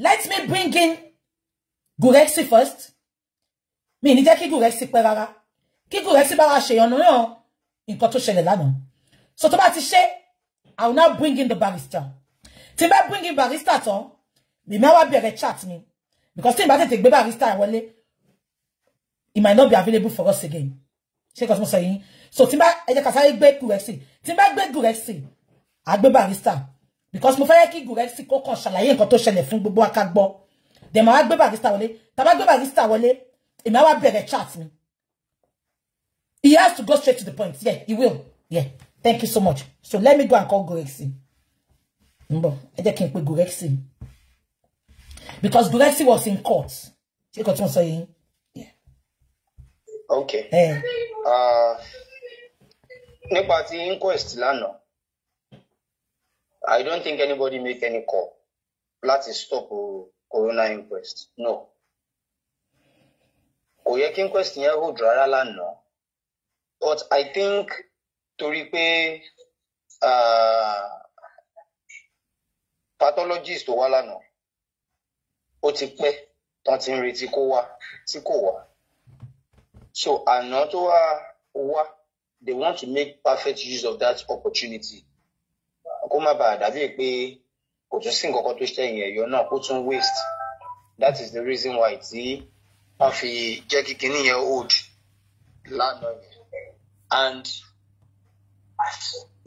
Let me bring in Gurexi first. Mi ní jẹ́ kí Gurexi pẹ́ rárá. Kí Gurexi bá wa ṣe ọ̀nà In nǹkan tó ṣẹlẹ̀ lánàá. So tó bá ti ṣe, I will now bring in the barrister. Tí bá bring in barrister tán, mi máa wá bẹ̀rẹ̀ chat mi. Because tí n bá tètè gbé barrister wọlé, he might not be available for us again. Ṣé kò tí mo sọ yín? So tí n bá ẹ jẹ́ ká sáré gbé Gurexi. Tí n bá gbé Gurexi, àá gbé barrister because mo fẹ́ kí Guresi kó kàn ṣàlàyé nǹkan tó ṣẹlẹ̀ fún gbogbo aka gbọ́ dem àwa gbé Barrister wọlé tá bá gbé Barrister wọlé èmi àwa bẹ̀rẹ̀ chat mi he has to go straight to the point yeah he will yeah thank you so much so let me go and call Guresi nbọ ẹ jẹ́ kí n pe Guresi because Guresi was in court ṣé kò tún saying? Yeah. okay. Hey. Eh. Uh, nípa ti inquest lánàá I don't think anybody make any call láti stop corona inquest. No. Kò yẹ kí inquest yẹn hold rárá lánàá. But I think torí pé uh, pathologist tó wá lánàá ó ti pẹ́ tán ti ń retí kó wá tí kò wá. So àná tó wá wá they want to make perfect use of that opportunity kó má bàa dàbí pé kò tún sí nǹkan kan tó ṣe ìyẹn ẹ̀yọ náà kó tún waste that is the reason why tí wọ́n fi jẹ́ kí kinní yẹn old lánàá yẹn and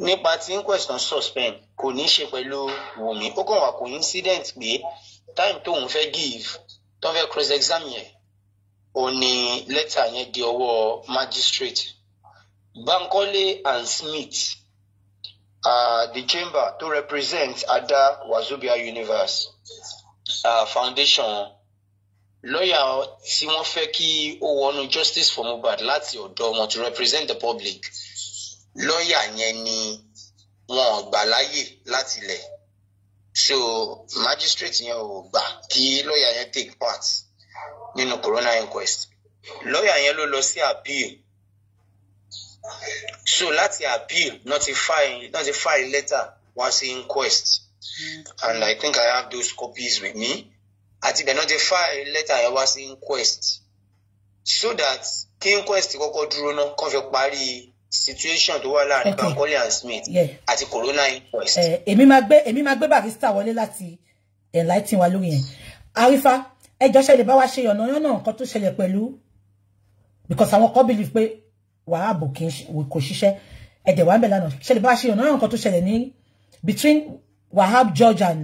nípa tí ń question suspend kò ní ṣe pẹ̀lú Wùmí ó kàn wà coincident pé time tóun fẹ́ give tó fẹ́ cross exam yẹn ó ní lẹ́tà yẹn di ọwọ́ magistrate Bankole and Smith uh, the chamber to represent Ada Wazobia Universe uh, Foundation lawyer tí wọ́n fẹ́ kí ó wọnú justice for Mohbad láti ọ̀dọ̀ wọn to represent the public lọ́yà yẹn ni wọn ò gbà láyè láti lẹ̀ so magistrate yẹn ò gbà kí lọ́yà yẹn take part nínú no coroner inquest lọ́yà yẹn ló lọ sí appeal so láti appeal notify notify letter wá sí inquest and I think I have those copies with me àti bẹ̀ notify letter yẹn wá sí inquest so that kí inquest kọ́kọ́ dúró náà kàn fi parí situation tó wà láàrin Bankole and Smith àti corona inquest. Eh, èmi máa gbé èmi máa gbé Barrister wọlé láti enlighten wa lórí yẹn Arifa ẹjọ́ ṣẹlẹ̀ bá wa ṣe ọ̀nà yọ̀nà nǹkan tó ṣẹlẹ̀ pẹ̀lú because àwọn kan believe pé wàhálà bò kì í kò ṣiṣẹ́ ẹ̀dẹ̀ wà ń bẹ̀ lánàá ṣẹlẹ̀ bá ṣe ọ̀nà nǹkan tó ṣẹlẹ̀ ní between Wahab George and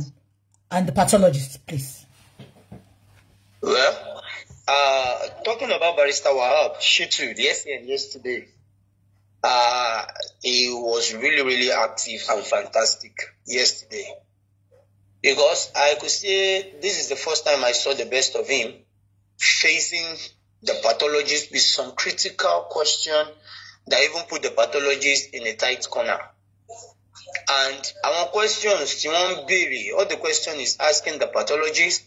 and the pathologist please. Well, uh, talking about Barrister Wahab Shitu, the SCN yesterday, uh, he was really, really active and fantastic yesterday. Because I could say this is the first time I saw the best of him facing the pathologist with some critical question that even put the pathologist in a tight corner. And our questions, you won't all the question is asking the pathologist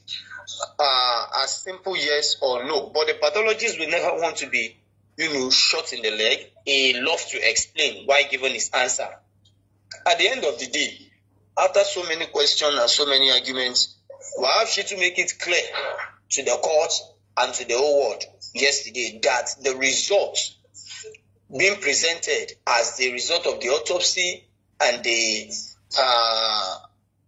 uh, a simple yes or no. But the pathologist will never want to be, you know, shot in the leg. He loves to explain why given his answer. At the end of the day, after so many questions and so many arguments, why have she to make it clear to the court and to the whole world yesterday that the results being presented as the result of the autopsy and the uh,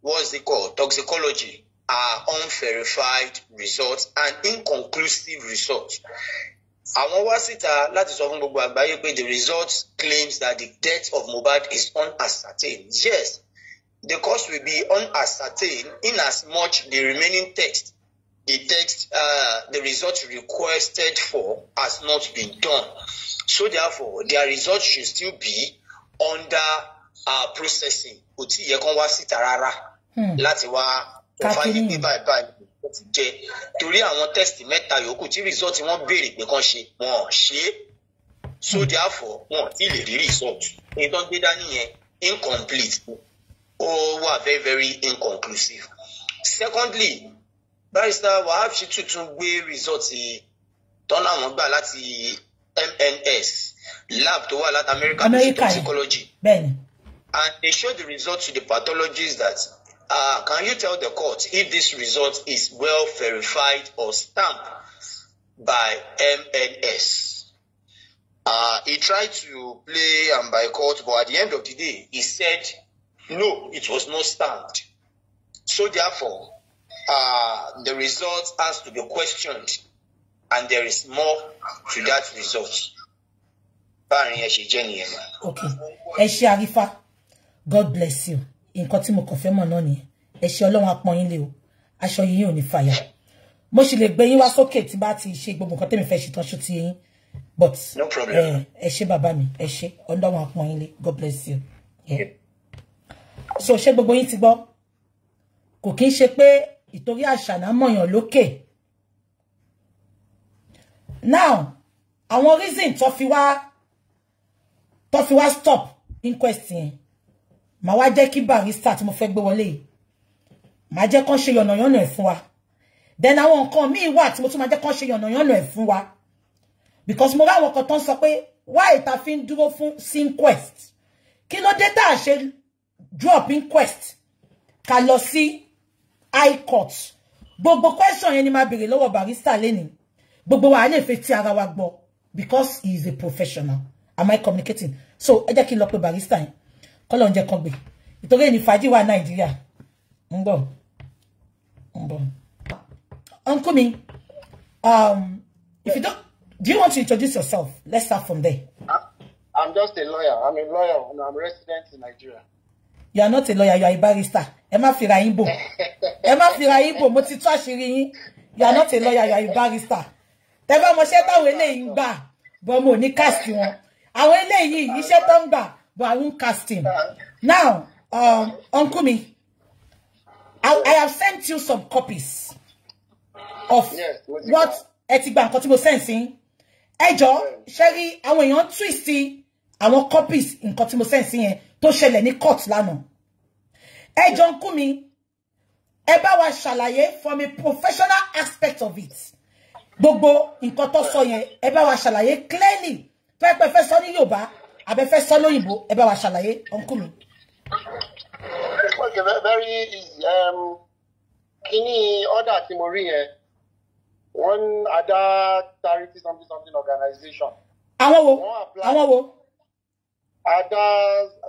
what's it called toxicology are unverified results and inconclusive results. Àwọn wá síta láti sọ fún gbogbo àgbáyé pé the results claims that the death of Mohbad is unascertained. Yes, the cause will be unascertained in as much the remaining text the text, uh, the result requested for has not been done. So therefore, their result should still be under uh, processing. Kò tí yẹ kán wá síta rárá hmm. láti wá ọ̀fáyé pé báyìí báyìí ló ti jẹ. Torí àwọn test mẹ́ta yòókù tí result wọn béèrè pé kán ṣe wọn ṣe So hmm. therefore, wọn ò lè rí result. Nǹkan gbé dání yẹn incomplete. Ó wà very very inconclusive. Secondly, barista wahab shitu tún gbé result tọ́nà àwọn gbà láti MNS lab tó wà láti America America toxicology bẹ́ẹ̀ni. and they show the result to the pathologist that uh, can you tell the court if this result is well verified or stamped by MNS. Uh, he tried to play and by court but at the end of the day he said no it was not stamped so therefore Uh, the result has to be questioned and there is more to that result. báàrin ẹ ṣe jẹ́ nìyẹn. okay ẹ ṣe àrífà god bless you nǹkan tí mo kàn fẹ́ mọ̀ náà nìyẹn ẹ ṣe ọlọ́run apọ́n yín lé o aṣọ yín ò ní fàyà mo sì lè gbé yín wá sókè tí bá ti ṣe gbogbo nǹkan tẹ́mi fẹ́ ṣe tán ṣó yín but eh, ẹ ṣe bàbá mi ẹ ṣe ọlọ́run apọ́n yín lé god bless you. Yeah. so ṣé gbogbo yín ti gbọ́ kò kí ń ṣe pé ìtorí àṣànà mọ̀yàn lókè now àwọn reason tó fi wá tó fi wá stop inquest yẹn màá wá jẹ́ kí barrister tí mo fẹ́ gbé wọlé yìí màá jẹ́ kán ṣe yànnàyànnà ẹ̀ fún wa then àwọn nǹkan míì wà tí mo tún máa jẹ́ kán ṣe yànnàyànnà ẹ̀ fún wa because mo ráwọn kan tán sọ pé why ta fi ń dúró fún inquest kí ló dé tá a ṣe drop inquest ká lọ sí high court gbogbo question yẹn ni máa béèrè lọ́wọ́ barrister lẹ́ni gbogbo wa lè fẹ́ ti ara wa gbọ́ because he is a professional am I communicating so ẹ jẹ́ kí n lọ pé barrister yẹn kọ́lọ̀ ń jẹ́ kan gbé ìtorí ẹni fàájì wa nàìjíríà ń uncle mi um, if you don't do you want to introduce yourself let's start from there. I'm just a lawyer I'm a lawyer and I'm a resident in Nigeria you are not a lawyer you are a barrister Emma má Emma Firaimbo, bò ẹ a fira you are not a lawyer you are a barrister tẹ́gbẹ́ ọmọṣẹ́ táwọn eléyìí ń gbà bọ́ ní cast wọn àwọn eléyìí iṣẹ́ tó ń gbà bọ́ àwọn casting now um, uncle mi I, I have sent you some copies of yes, what ẹ ti gba sensing. tí mo send sí ẹjọ́ ṣe rí àwọn èèyàn copies in tí Sensing. tó ṣẹlẹ̀ ní court lánàá ẹ jọ ń mi ẹ bá wa ṣàlàyé from a professional aspect of it gbogbo nǹkan tó sọ yẹn ẹ bá wa ṣàlàyé clearly pẹ́pẹ́ fẹ́ sọ ní Yorùbá abẹ́fẹ́ sọ lóyìnbó ẹ bá wa ṣàlàyé ọ̀nkú mi. very easy um, kíní order tí mo rí yẹn wọ́n adá charity something something organization. àwọn wo àwọn wo. Ada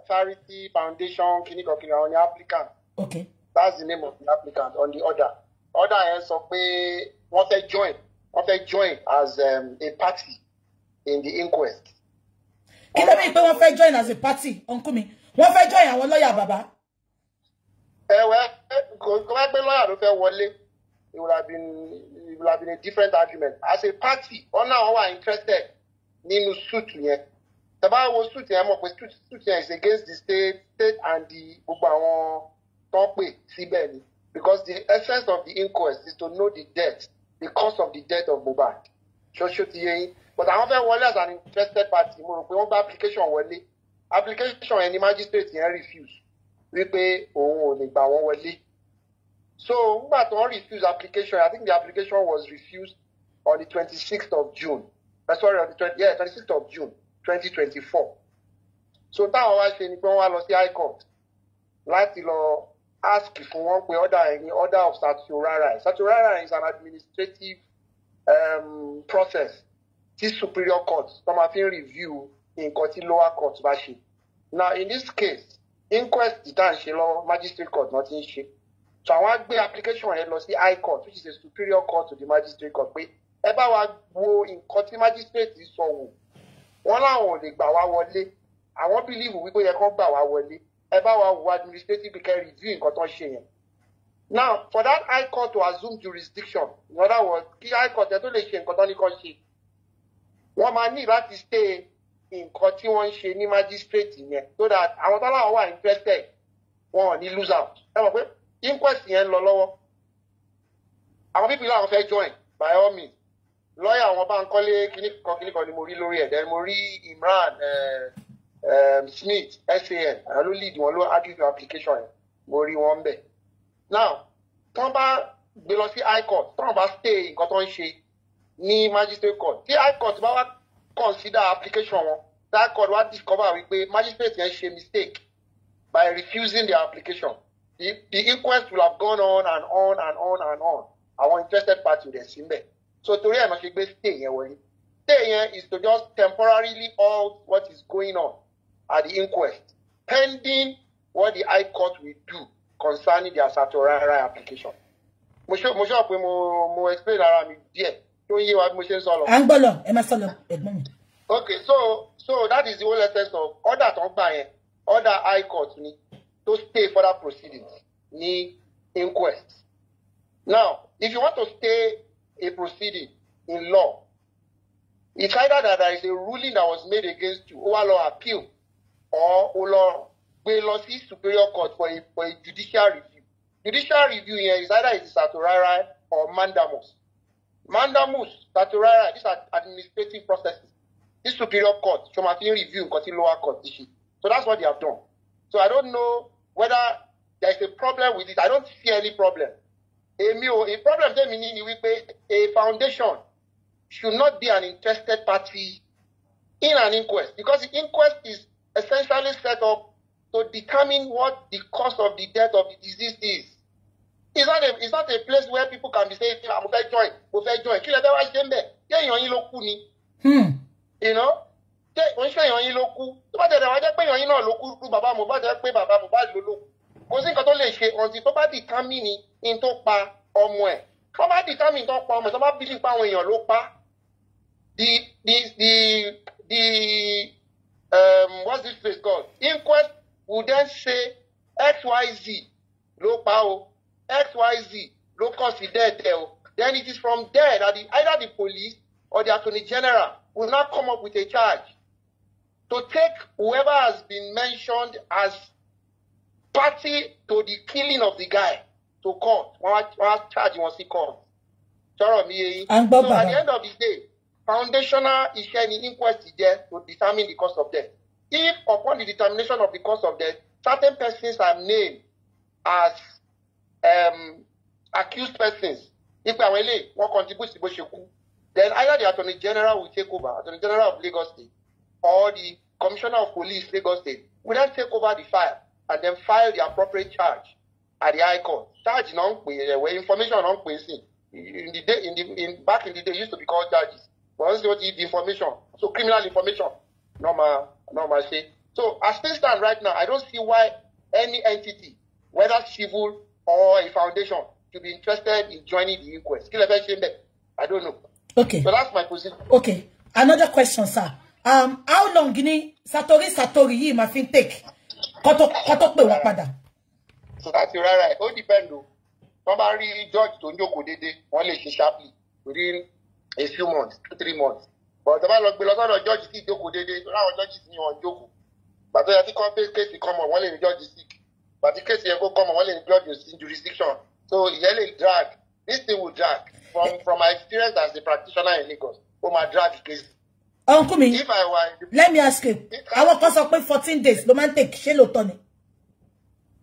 Charity Foundation kìnìkan kìnìkan on the applicant. Okay. That's the name of the applicant on the order. Order yẹn sọ pé wọ́n fẹ́ join What fẹ́ join as um, a party in the inquest. Kita ló dé pé wọ́n join as a party, uncle mi? Wọ́n fẹ́ join àwọn lọ́ọ̀yà bàbá. Ẹ̀wẹ̀ eh, kò wá pé lawyer, ló fẹ́ wọlé. It would have been it would have been a different argument. As a party, ọ̀nà àwọn interested nínú suit yẹn tẹ́bá wo suit yẹn mọ̀ pé suit yẹn is against the state state and the gbogbo àwọn tó pè síbẹ̀ ni because the essence of the inquest is to know the death the cause of the death of Mohbad ṣoṣo ti yẹ yín but àwọn fẹ́ wọlé as an interested party mo rò pé wọ́n gba application wọlé application yẹn magistrate yẹn refuse wípé òun ò lè gbà wọ́n wọlé so ngbà tó ń refuse application I think the application was refused on the twenty-sixth of June uh, sorry on the twenty yeah twenty-sixth of June 2024. so táwọn wá ṣe ni pé wọ́n wá lọ sí high court láti lọ ask fún wọn pé order ẹni order of certiorari certiorari is an administrative um, process tí superior court tó máa fi ń review nǹkan tí lower court bá ṣe now in this case inquest tá à ń ṣe lọ magistrate court náà ti ń ṣe so àwọn á gbé application yẹn lọ sí high court which is a superior court to the magistrate court pé ẹ bá wa wo nǹkan tí magistrate sọ wò. So wọ́n láwọn ò lè gbà wá wọlé àwọn bìlíìfù wípé yẹ kán gbà wá wọlé ẹ bá wa wo administrative care review nǹkan tó ń ṣe yẹn now for that high court to assume jurisdiction in other words kí high court ẹ tó lè ṣe nǹkan tó ní kán ṣe wọ́n máa ní láti stay nǹkan tí wọ́n ń ṣe ní magistrate yẹn so that àwọn tó láwọn wà interested wọn ò ní lose out ẹ mọ̀ pé inquest yẹn ń lọ lọ́wọ́ àwọn pípìlì àwọn fẹ́ join by all means lọ́ọ̀yà wọn Bánkọ́lé kìnnìkan kìnnìkan ni mo rí lórí ẹ̀ then mo rí Imran eh, eh, Smith SAN àwọn ló lead wọn ló argue application yẹn mo rí wọn bẹ̀. now tán bá gbé lọ sí high court tán bá stay nǹkan tó ń ṣe ní magistrate court tí high court bá wá consider application wọn tí high court wá discover wípé magistrate yẹn ṣe mistake by refusing their application the, the inquest will have gone on and on and on and on àwọn interested party rẹ̀ sí mbẹ̀ so torí ẹ̀ máa ṣe gbé stay yẹn wọlé stay yẹn is to just temporarily halt what is going on at the inquest pending what the high court will do concerning their certiorari application mo ṣe mo ṣe pé mo mo explain ara mi díẹ̀ tó ń yé wa bí mo ṣe ń sọ lọ. à ń gbọ́ lọ ẹ máa sọ lọ ẹ̀gbọ́n mi. okay so so that is the whole essence of order tó ń gbà yẹn order high court ni to stay further proceedings ní inquest now if you want to stay a proceeding in law. It's either that there is a ruling that was made against you, ó wá appeal, or ó lọ gbé lọ superior court for a, for a judicial review. Judicial review here is either it is certiorari or mandamus. Mandamus, certiorari, these are administrative processes. This superior court, from a fi review nǹkan tí lower court ti ṣe. So that's what they have done. So I don't know whether there is a problem with it. I don't see any problem èmi ò a problem tèmi ní ni wípé a foundation should not be an interested party in an inquest because the inquest is essentially set up to determine what the cause of the death of the disease is it's not a it's not a place where people can be saying ah, mo fẹ́ join mo fẹ́ join kí lè fẹ́ wá ṣe ń bẹ̀ ṣé èèyàn yín ló kú ni. Hmm. you know ṣé òun ṣe èèyàn yín ló kú tó bá tẹ̀lé wọn jẹ́ pé èèyàn yín náà ló kú bàbá Mohbad jẹ́ pé bàbá Mohbad ló ló kú kò sí nǹkan tó lè ṣe ọtí tó bá dìtámìnì ní tó pa ọmọ ẹ̀ tó bá dìtámìnì tó pa ọmọ ẹ̀ tó bá bílí pa àwọn èèyàn ló pa the the the the um, what's this place called inquest would then say xyz ló pa o xyz ló kàn sí dẹ́ẹ̀dẹ́ o then it is from there that the, either the police or the attorney general will now come up with a charge to take whoever has been mentioned as party to the killing of the guy to court wọ́n á charge wọn sí court sọ̀rọ̀ mi yé so at the end of the day foundational iṣẹ́ ni inquest jẹ́ to determine the cause of death if upon the determination of the cause of death certain persons are named as um, accused persons ipe àwọn ilé wọn contribute bó ṣe kú then either the attorney general will take over attorney general of Lagos State or the commissioner of police Lagos State will then take over the file and then file the appropriate charge at the high court charge non eh, where information náà in the day in the in back in the day used to be called charges but wọ́n sì ti information so criminal information normal, normal náà so as things stand right now I don't see why any entity whether civil or a foundation should be interested in joining the inquest kí lè fẹ́ ṣe I don't know. okay so that's my position. okay another question sir um, how long Guinea Satori Satori yìí ma fi take kọ́tọ́ kọ́tọ́ pè wọ́n padà. láti rárá ẹ ó depend o wọ́n bá rí george tó ń jókòó déédéé wọ́n lè ṣe sharply within a few months two three months but tó bá lọ gbé lọ sọ́dọ̀ george tí ìjókòó déédéé láwọn george ní wọn jókòó gbàtọ́ yẹ kí kọ́ pé kéèsì kọ́mọ wọ́n lè ní george sick gbàtí kéèsì yẹ kó kọ́mọ wọ́n lè ní george sin jurisdiction so ìyẹn lè drag this thing will drag from from my experience as a practitioner in Lagos ó máa drag the case. Uncle mi, let me ask you. I kan sọ pé fourteen days ló máa ń take ṣé lóòótọ́ ni?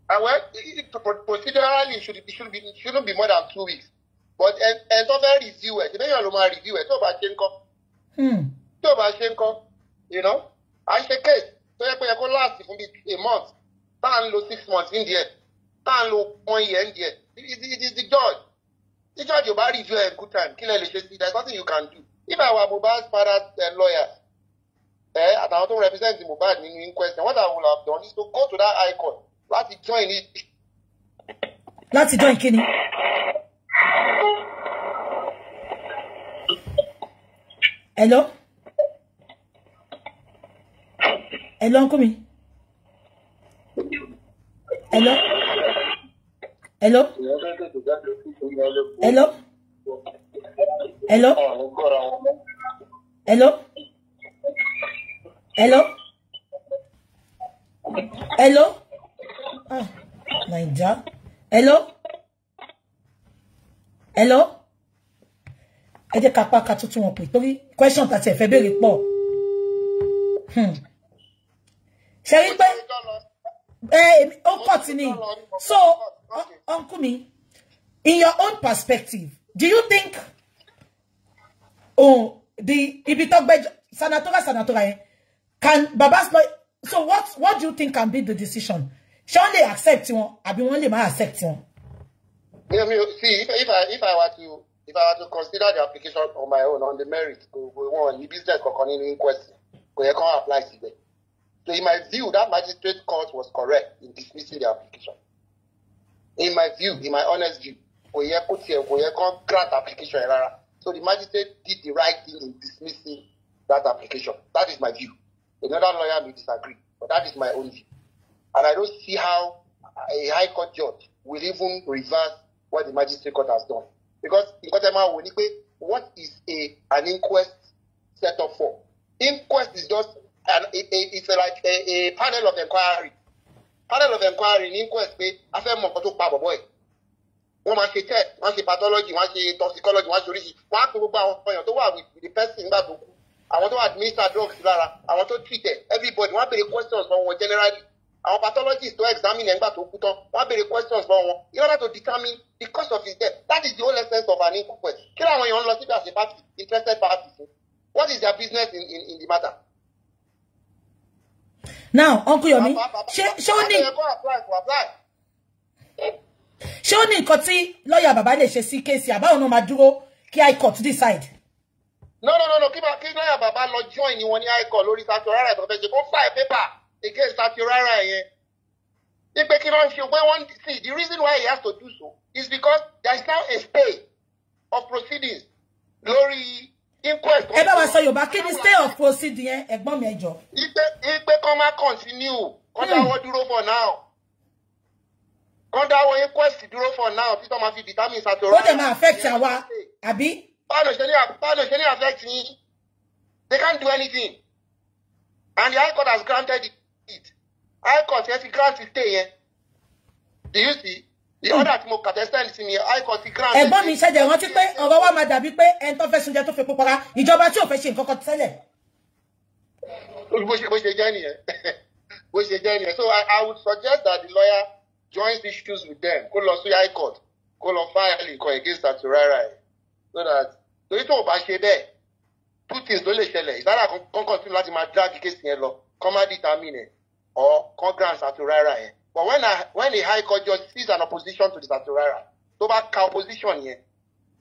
Àwọn ah, procedurally should it should be shouldn't be more than two weeks but ẹ tó fẹ́ review ẹ̀ ṣẹ́bẹ́ yàn ló máa review ẹ̀ tó bá ṣe ń kọ́. Tó bá ṣe ń kọ́ à ń ṣe case tó yẹ pé yẹ kó last fún be a month tá lo six months in díẹ̀ tá à lo one year ní díẹ̀ it is the judge the judge ò bá review ẹ̀ in good time kí lẹ lè ṣe nothing you can do if I were Mohbad's father's uh, eh, lawyer eh, and I want to represent Mohbad nínú inquest what I would have done is to go to that high court láti join it. láti join Kini. hello. hello uncle mi. hello. hello. hello. hello. Hello? Hello? Hello? Hello? Ah, Naija. Hello? Hello? I jẹ́ ká pa ká tuntun wọn pè torí question tàti ẹ̀fẹ́ béèrè pọ̀. Hmm. Ṣé rí pé ó kọ̀ tí So, uncle me, in your own perspective, do you think oh the if you talk about sanatora sanatora eh, can Baba's boy so what what do you think can be the decision? Shall they accept you? I be only my accept you. Yeah, me, see if, if I if I were to if I were to consider the application on my own on the merit, we one the business continuing question, go you can apply today. So in my view, that magistrate court was correct in dismissing the application. In my view, in my honest view. kò yẹ kó tiẹ̀ kò yẹ kó grant application yẹn rárá so the magistrate did the right thing in dismissing that application that is my view another lawyer may disagree but that is my own view and I don't see how a high court judge will even reverse what the magistrate court has done because nǹkan tẹ́ máa wò ni pé what is a an inquest set up for inquest is just an a, a, it's like a, a panel of inquiry panel of inquiry ni inquest pé a fẹ́ mọ̀ tó pa bọ̀bọ̀ yìí wọ́n máa ṣe tech wọ́n ṣe pathology wọ́n ṣe toxicology wọ́n ṣe oríṣi wọ́n á pe gbogbo àwọn èèyàn tó wà with the person nígbà tó kú àwọn tó administer drugs lára àwọn tó treat ẹ̀ everybody wọ́n á béèrè questions from wọn generally àwọn pathologist tó examine ẹ̀ nígbà tó kú tán wọ́n á béèrè questions from wọn in order to determine the cause of his death that is the whole essence of an inquest kí làwọn èèyàn ń lọ síbi àṣẹ party interested party fún what is their business in in, in the matter. now uncle yomi ṣé ṣé ó ní ṣé ó ní nǹkan tí lọ́ọ̀yà bàbá lè ṣe sí kéèsì àbáwọn náà máa dúró kí high court decide. no no no no kí kí lọ́ọ̀yà bàbá lọ join wọn ní high court lórí tàti rárá ìtọ́fẹ́ ṣe kó file paper against tàti rárá yẹn ipe kí wọ́n ṣe pé wọ́n see the reason why he has to do so is because there is now a stay of proceedings lórí inquest. ẹ bá wa sọ yorùbá kí ni stay of proceedings yẹn ẹ̀gbọ́n mi ẹ jọ. ipe ipe kan máa continue kọ́ńtà hmm. wọ́n dúró for now kan dáwọ́ inquest dúró for now bí tó fi vitamin ṣàtòrò. ó dẹ̀ máa affect àwa àbí. báwo ṣe ní báwo ṣe ní affect yín they can't do anything and the high court has granted it high court yẹn ti grant stay yẹn do you see the hmm. order tí mo contestant sí ni high court grant. ẹ̀gbọ́n mi ṣẹ̀jẹ̀ rántí pé ọ̀rọ̀ wa máa dàbí pé ẹni tó fẹ́ sunjẹ tó fi pupara ìjọba tí ò fẹ́ ṣe nǹkan kan tẹ́lẹ̀. bó ṣe jẹ́ nìyẹn bó ṣe jẹ́ nìyẹn so I, I would suggest that the lawyer join issues with them kó lọ sí high court kó lọ file nǹkan against àtúrárà ẹ̀ so that torí tó o bá ṣe bẹ́ẹ̀ two things ló lè ṣẹlẹ̀ ìsára kan continue láti máa drag case yẹn lọ come má determine or kan grant àtúrárà ẹ̀ but when, I, when the high court judge sees an opposition to the àtúrárà tó bá ka opposition yẹn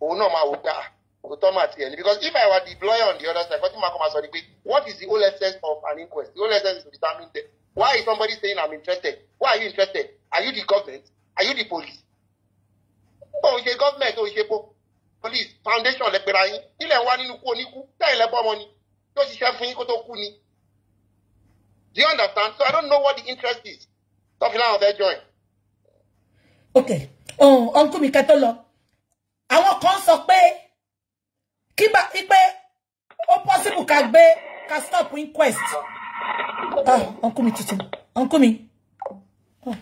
òun náà máa wò pé ah òótọ́ máa tiẹ̀ ni because if I were the lawyer on the other side kọ́tí máa kọ́ máa sọ ni pé what is the whole essence of an inquest the whole essence is to determine death Why is somebody saying I'm interested? Why are you interested? Are you the government? Are you the police? Oh, ń ṣe government Oh, ń ṣe police foundation lẹ́pẹ̀rẹ̀ ayín ilẹ̀ ń wá nínú kú oníkú sẹ́yìn lẹ́bọ̀ ọmọ ni yóò ṣiṣẹ́ fún yín kó tó kú ni. Do you understand? So I don't know what the interest is. Tọ́fìlà ọ̀fẹ́ join. Okay, ọ̀nkú mi kẹ́tọ́ lọ. Àwọn kan sọ pé kí bá pé ó possible ká gbé ká stop inquest. Ah, Uncle me cheating. Uncle me. Ah.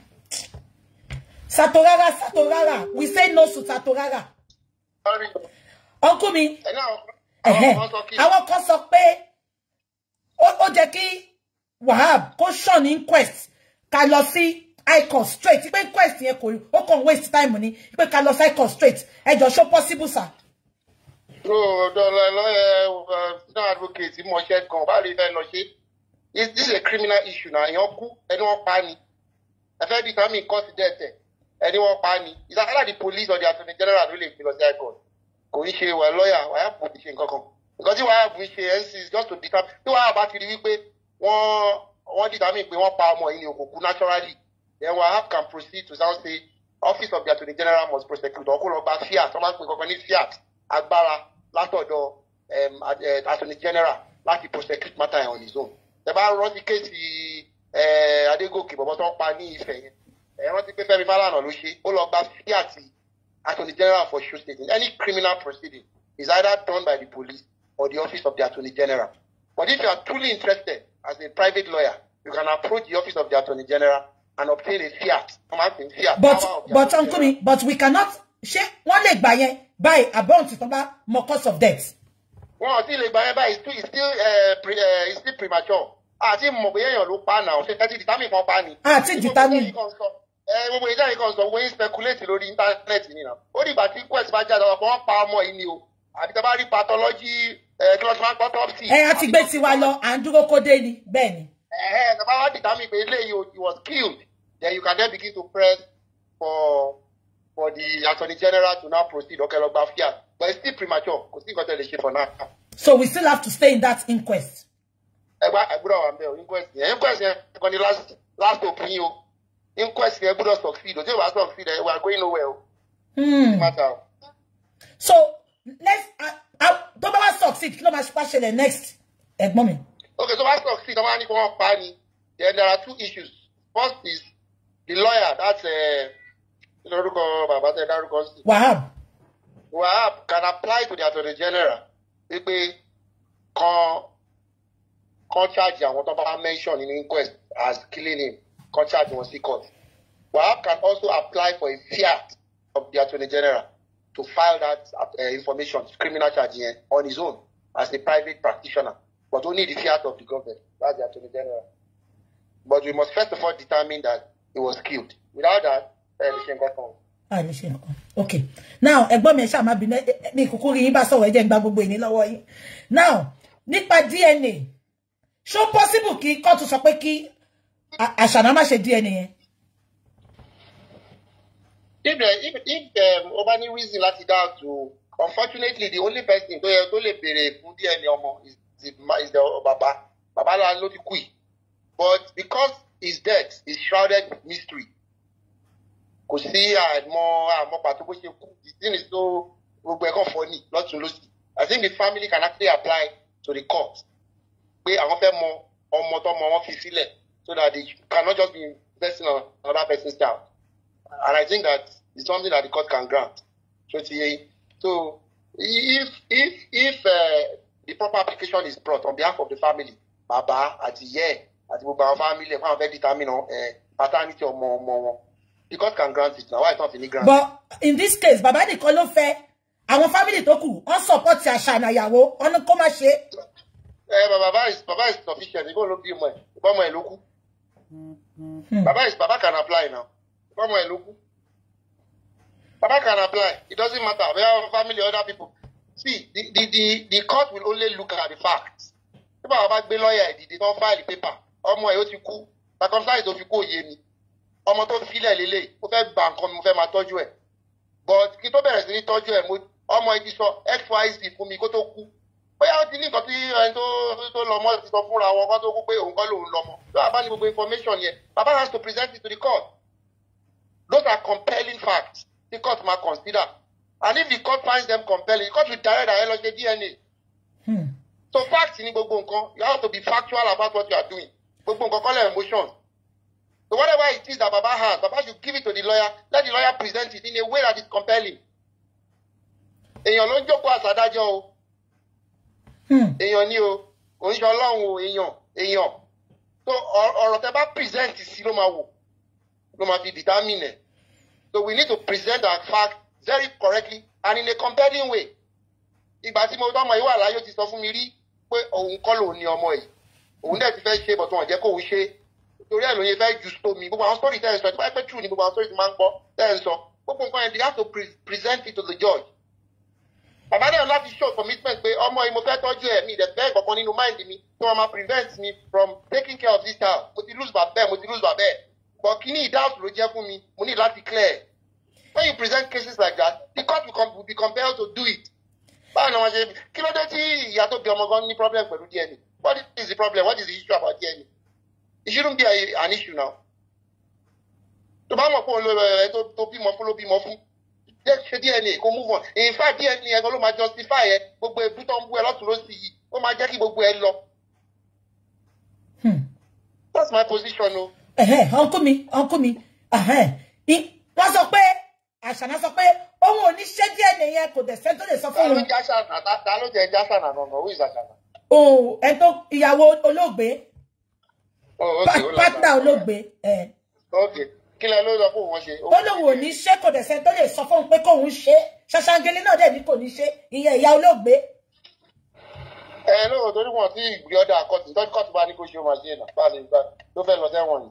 Satoraga, Satoraga. We say no to Satoraga. Uncle me. Eh, Àwọn kan sọ pé ó jẹ́ kí Wahab kó ṣàn ní inquest ká lọ sí icon straight pé inquest yẹn kò ó kàn waste time ni pé ká lọ sí icon straight ẹjọ́ ṣó possible sir. Lóòótọ́ lọ́yẹ̀ náà advocate mọ̀ṣẹ́ kan bá lè fẹ́ lọ ṣe. Is this a criminal issue now? Èèyàn kú ẹni wọ́n pa á ni. Ẹ fẹ́ bí Sami kọ́ sí dẹ́tẹ̀ ẹni wọ́n pa ni. Is either the police or the attorney general ló lè fi lọ sí high court? Kò ń ṣe wà lọ́ọ̀yà wàá bù ṣe nǹkan kan. Nǹkan tí wàá bù ṣe NC is just to determine. Tí wàá bá ti rí wípé wọ́n wọ́n determine pé wọ́n pa ọmọ yìí ní òkòkú naturally. Then Wahab can proceed to sound say office of the attorney general must prosecute ọkọ lọ gba fiat wọ́n máa ń pè kankan ní fiat agbára látọ̀dọ̀ eh, attorney general láti prosecute matter on his own ẹ bá rántí kéèsì Adégòkè bọ̀bọ̀ tó ń pa ní Ifẹ̀ yẹn ẹ rántí pé Fẹ́mi Fálànà ló ṣe ó lọ gba fiat attorney general for Osun State any criminal proceeding is either done by the police or the office of the attorney general but if you are truly interested as a private lawyer you can approach the office of the attorney general and obtain a fiat Come commanding fiat. but but uncle mi but we cannot ṣé wọ́n lè gbà yẹn by abọ́ǹtì tó bá mọ cause of death wọn ò tí ì lè gbà yẹn báyìí it's still eh, eh, it's still premature àti mọ̀ pé èèyàn ló pa àná ọ̀sẹ̀ tẹ́tí dìtámì kan pa ni. Ah, àti dìtámì. gbogbo ìjà yìí kan sọ eh, gbogbo yín speculate lórí íńtánẹ́ẹ̀tì nìyà ó dìgbà tí quest bá jáde ọ̀pọ̀ wọn pa ọmọ yìí ni o àbí tá a bá rí pathology clinical autopsy. ẹ a ti gbé tiwa lọ à ń dúró kódé ni bẹ́ẹ̀ ni. ẹ ẹ tá a bá dìtámì pé eléyìí he was killed then you can then begin to press for for the attorney general to now proceed ọkẹ lọ gba but it's still premature kò sí nǹkan tẹ́ lè for now. so we still have to stay in that inquest. inquest inquest yẹn kàn last last hope yín o inquest yẹn gbúdọ̀ succeed We tí succeed ẹ wà going nowhere o. Hmm. so let's Don't bá wá succeed kí ló máa wá next ẹ̀gbọ́n mi. okay so bá succeed tó bá ní kí wọ́n pa then there are two issues first is the lawyer that's lórúkọ eh, bàbá wahab. Wahab can apply to the attorney general wípé kan kan charge àwọn tó bá mention nínú inquest as killing him kan charge wọn sí court. Wahab can also apply for a fiat of the attorney general to file that uh, information criminal charge yẹn on his own as a private practitioner but only the fiat of the government that's the attorney general but we must first of all determine that he was killed without that ẹ ní ṣe nǹkan kan okay now ẹ̀gbọ́n mi ẹ ṣáà má bínú ní kúkú rí yín bá sọ̀rọ̀ ẹ jẹ́ n gba gbogbo ìní lọ́wọ́ yín now nípa DNA ṣó possible kí kóòtù sọ pé kí àṣànà má ṣe DNA yẹn. if the if if um, over any reason láti dá àtò unfortunately the only person tó yẹ tó lè béèrè fún DNA ọmọ is the is the baba baba la ló ti kú yìí but because his death is shrouded with mystery kò sí àmọ́ àmọ́ pàtó bó ṣe kú the thing is so gbogbo ẹ̀kọ́ fọ́ ni lọ́tún lọ́sì I think the family can actually apply to the court pé àwọn fẹ́ mọ ọmọ tọmọ wọn fi sílẹ̀ so that they cannot just be investing on another person's child and I think that is something that the court can grant so ti so if if if uh, the proper application is brought on behalf of the family bàbá àti yẹ àti gbogbo àwọn family ẹ̀ fún àwọn fẹ́ determine uh, paternity ọmọ ọmọ wọn the court can grant it now. why tó not ní grant. but in this case bàbá nìkan ló fair. Our family tó kù On support your àyàwó ọ̀nà kó má ṣe. ẹ eh, bàbá is Baba is sufficient ìbọn go look you my. ìbọn ọmọ ẹ ló kú. Hmm. is Baba can apply now ìbọn ọmọ ẹ ló kú. can apply it doesn't matter We whether family other people see the the the the court will only look at the facts. bí bàbá bá gbé lọ́ọ̀yà they don't file the paper. ọmọ my ó ti kú concern is fi you go ni ọmọ tó filẹ̀ lélẹ̀ mo fẹ́ gba nǹkan mi mo fẹ́ máa tọ́jú ẹ̀ but kí tó bẹ̀rẹ̀ sí ní tọ́jú ẹ̀ ọmọ ẹ ti sọ xyz fún mi kó tó kú bóyá ó ti ní nǹkan tí ẹni tó tó lọmọ ti sọ fúnra wọn kó tó kú pé òun kọ́ lòun lọmọ tó àbá ní gbogbo information yẹn bàbá has to present it to the court those are compelling facts the court ma consider and if the court finds them compelling the court will direct àyẹ̀ lọ ṣe DNA hmm. so facts ni gbogbo nǹkan you have to be factual about what you are doing gbogbo nǹkan kọ́lẹ̀ emotions So whatever it is that Baba has, Baba should give it to the lawyer. Let the lawyer present it in a way that is compelling. Èèyàn ló ń jókòó àsàdájọ́ o. Hmm. Èèyàn ni o. Òun ọlọ́run o, èèyàn, èèyàn. So ọ̀rọ̀ tẹ bá present sí ló máa wò. Ló máa fi determine ẹ̀. So we need to present our fact very correctly and in a compelling way. Ìgbà tí mo tọ́mọ ìwà láyé ti sọ fún mi rí pé òun kọ́ lòun ni ọmọ yìí. Òun dẹ̀ ti fẹ́ ṣe bọ̀tún ọ̀jẹ́ kóun ṣe é torí ẹ̀ ló yẹ ju sómi gbogbo àwọn story tẹ́ ẹ sọ ẹ tó bá pẹ́ gbogbo àwọn story ti máa ń gbọ́ tẹ́ ẹ sọ gbogbo nǹkan yẹn they have to present it to the judge. bàbá náà láti show commitment pé ọmọ yìí mo fẹ́ tọ́jú ẹ̀ mi ìdẹ̀fẹ́ ìkọ̀kan nínú mind mi tí wọ́n máa prevent me from taking care of this child mo ti lose bàbẹ́ mo ti lose bàbẹ́ but kí ni ìdáhùn ló jẹ́ fún mi mo ní láti clear when you present cases like that the court will, come will be compelled to do it báwo ni wọ́n ṣe kí ló dé tí ìyá tó bí ọmọ gan ní problem pẹ̀lú DNA what is the problem what is the issue about DNA It shouldn't be a, an issue now. Tó bá mọ̀ pé òun ló rẹ̀ tó bímọ fún ló bímọ fún. Jẹ́ ṣe DNA kó move on. In fact DNA ẹ̀gbọ́n ló máa justify ẹ gbogbo ebú tó ń bú ẹ lọ́tún yìí. Ó máa jẹ́ kí gbogbo ẹ lọ. Hmm. That's my position o. Ọkọ mi, ọkọ mi, wọ́n sọ pé àṣàná sọ pé òun ò ní nìyẹn kò dẹ̀ sẹ́ńtò lè sọ fún òun. Ta ló jẹ́ Jásánà? Ta ló jẹ́ Jásánà? Nọ̀nà, who is oh, tó ìyàwó olóògbé. Oh, pátá olóògbé kí lẹ ló sọ pé òun ṣe. ó lóun ò ní ṣe kò dẹ̀ sẹ́ni tó lè sọ fóun pé kóun ṣe ṣàṣàǹgẹ̀lẹ̀ náà dẹ̀ ní kò ní ṣe ìyẹn ìyá olóògbé. ẹ lóòrò torí wọn tí ìgbé ọdọ àkọtì tọ́jú kọ́ọ̀tù bá ní kó ṣe ó máa náà bá lè gbà tó fẹ́ lọ sẹ́wọ̀n ni.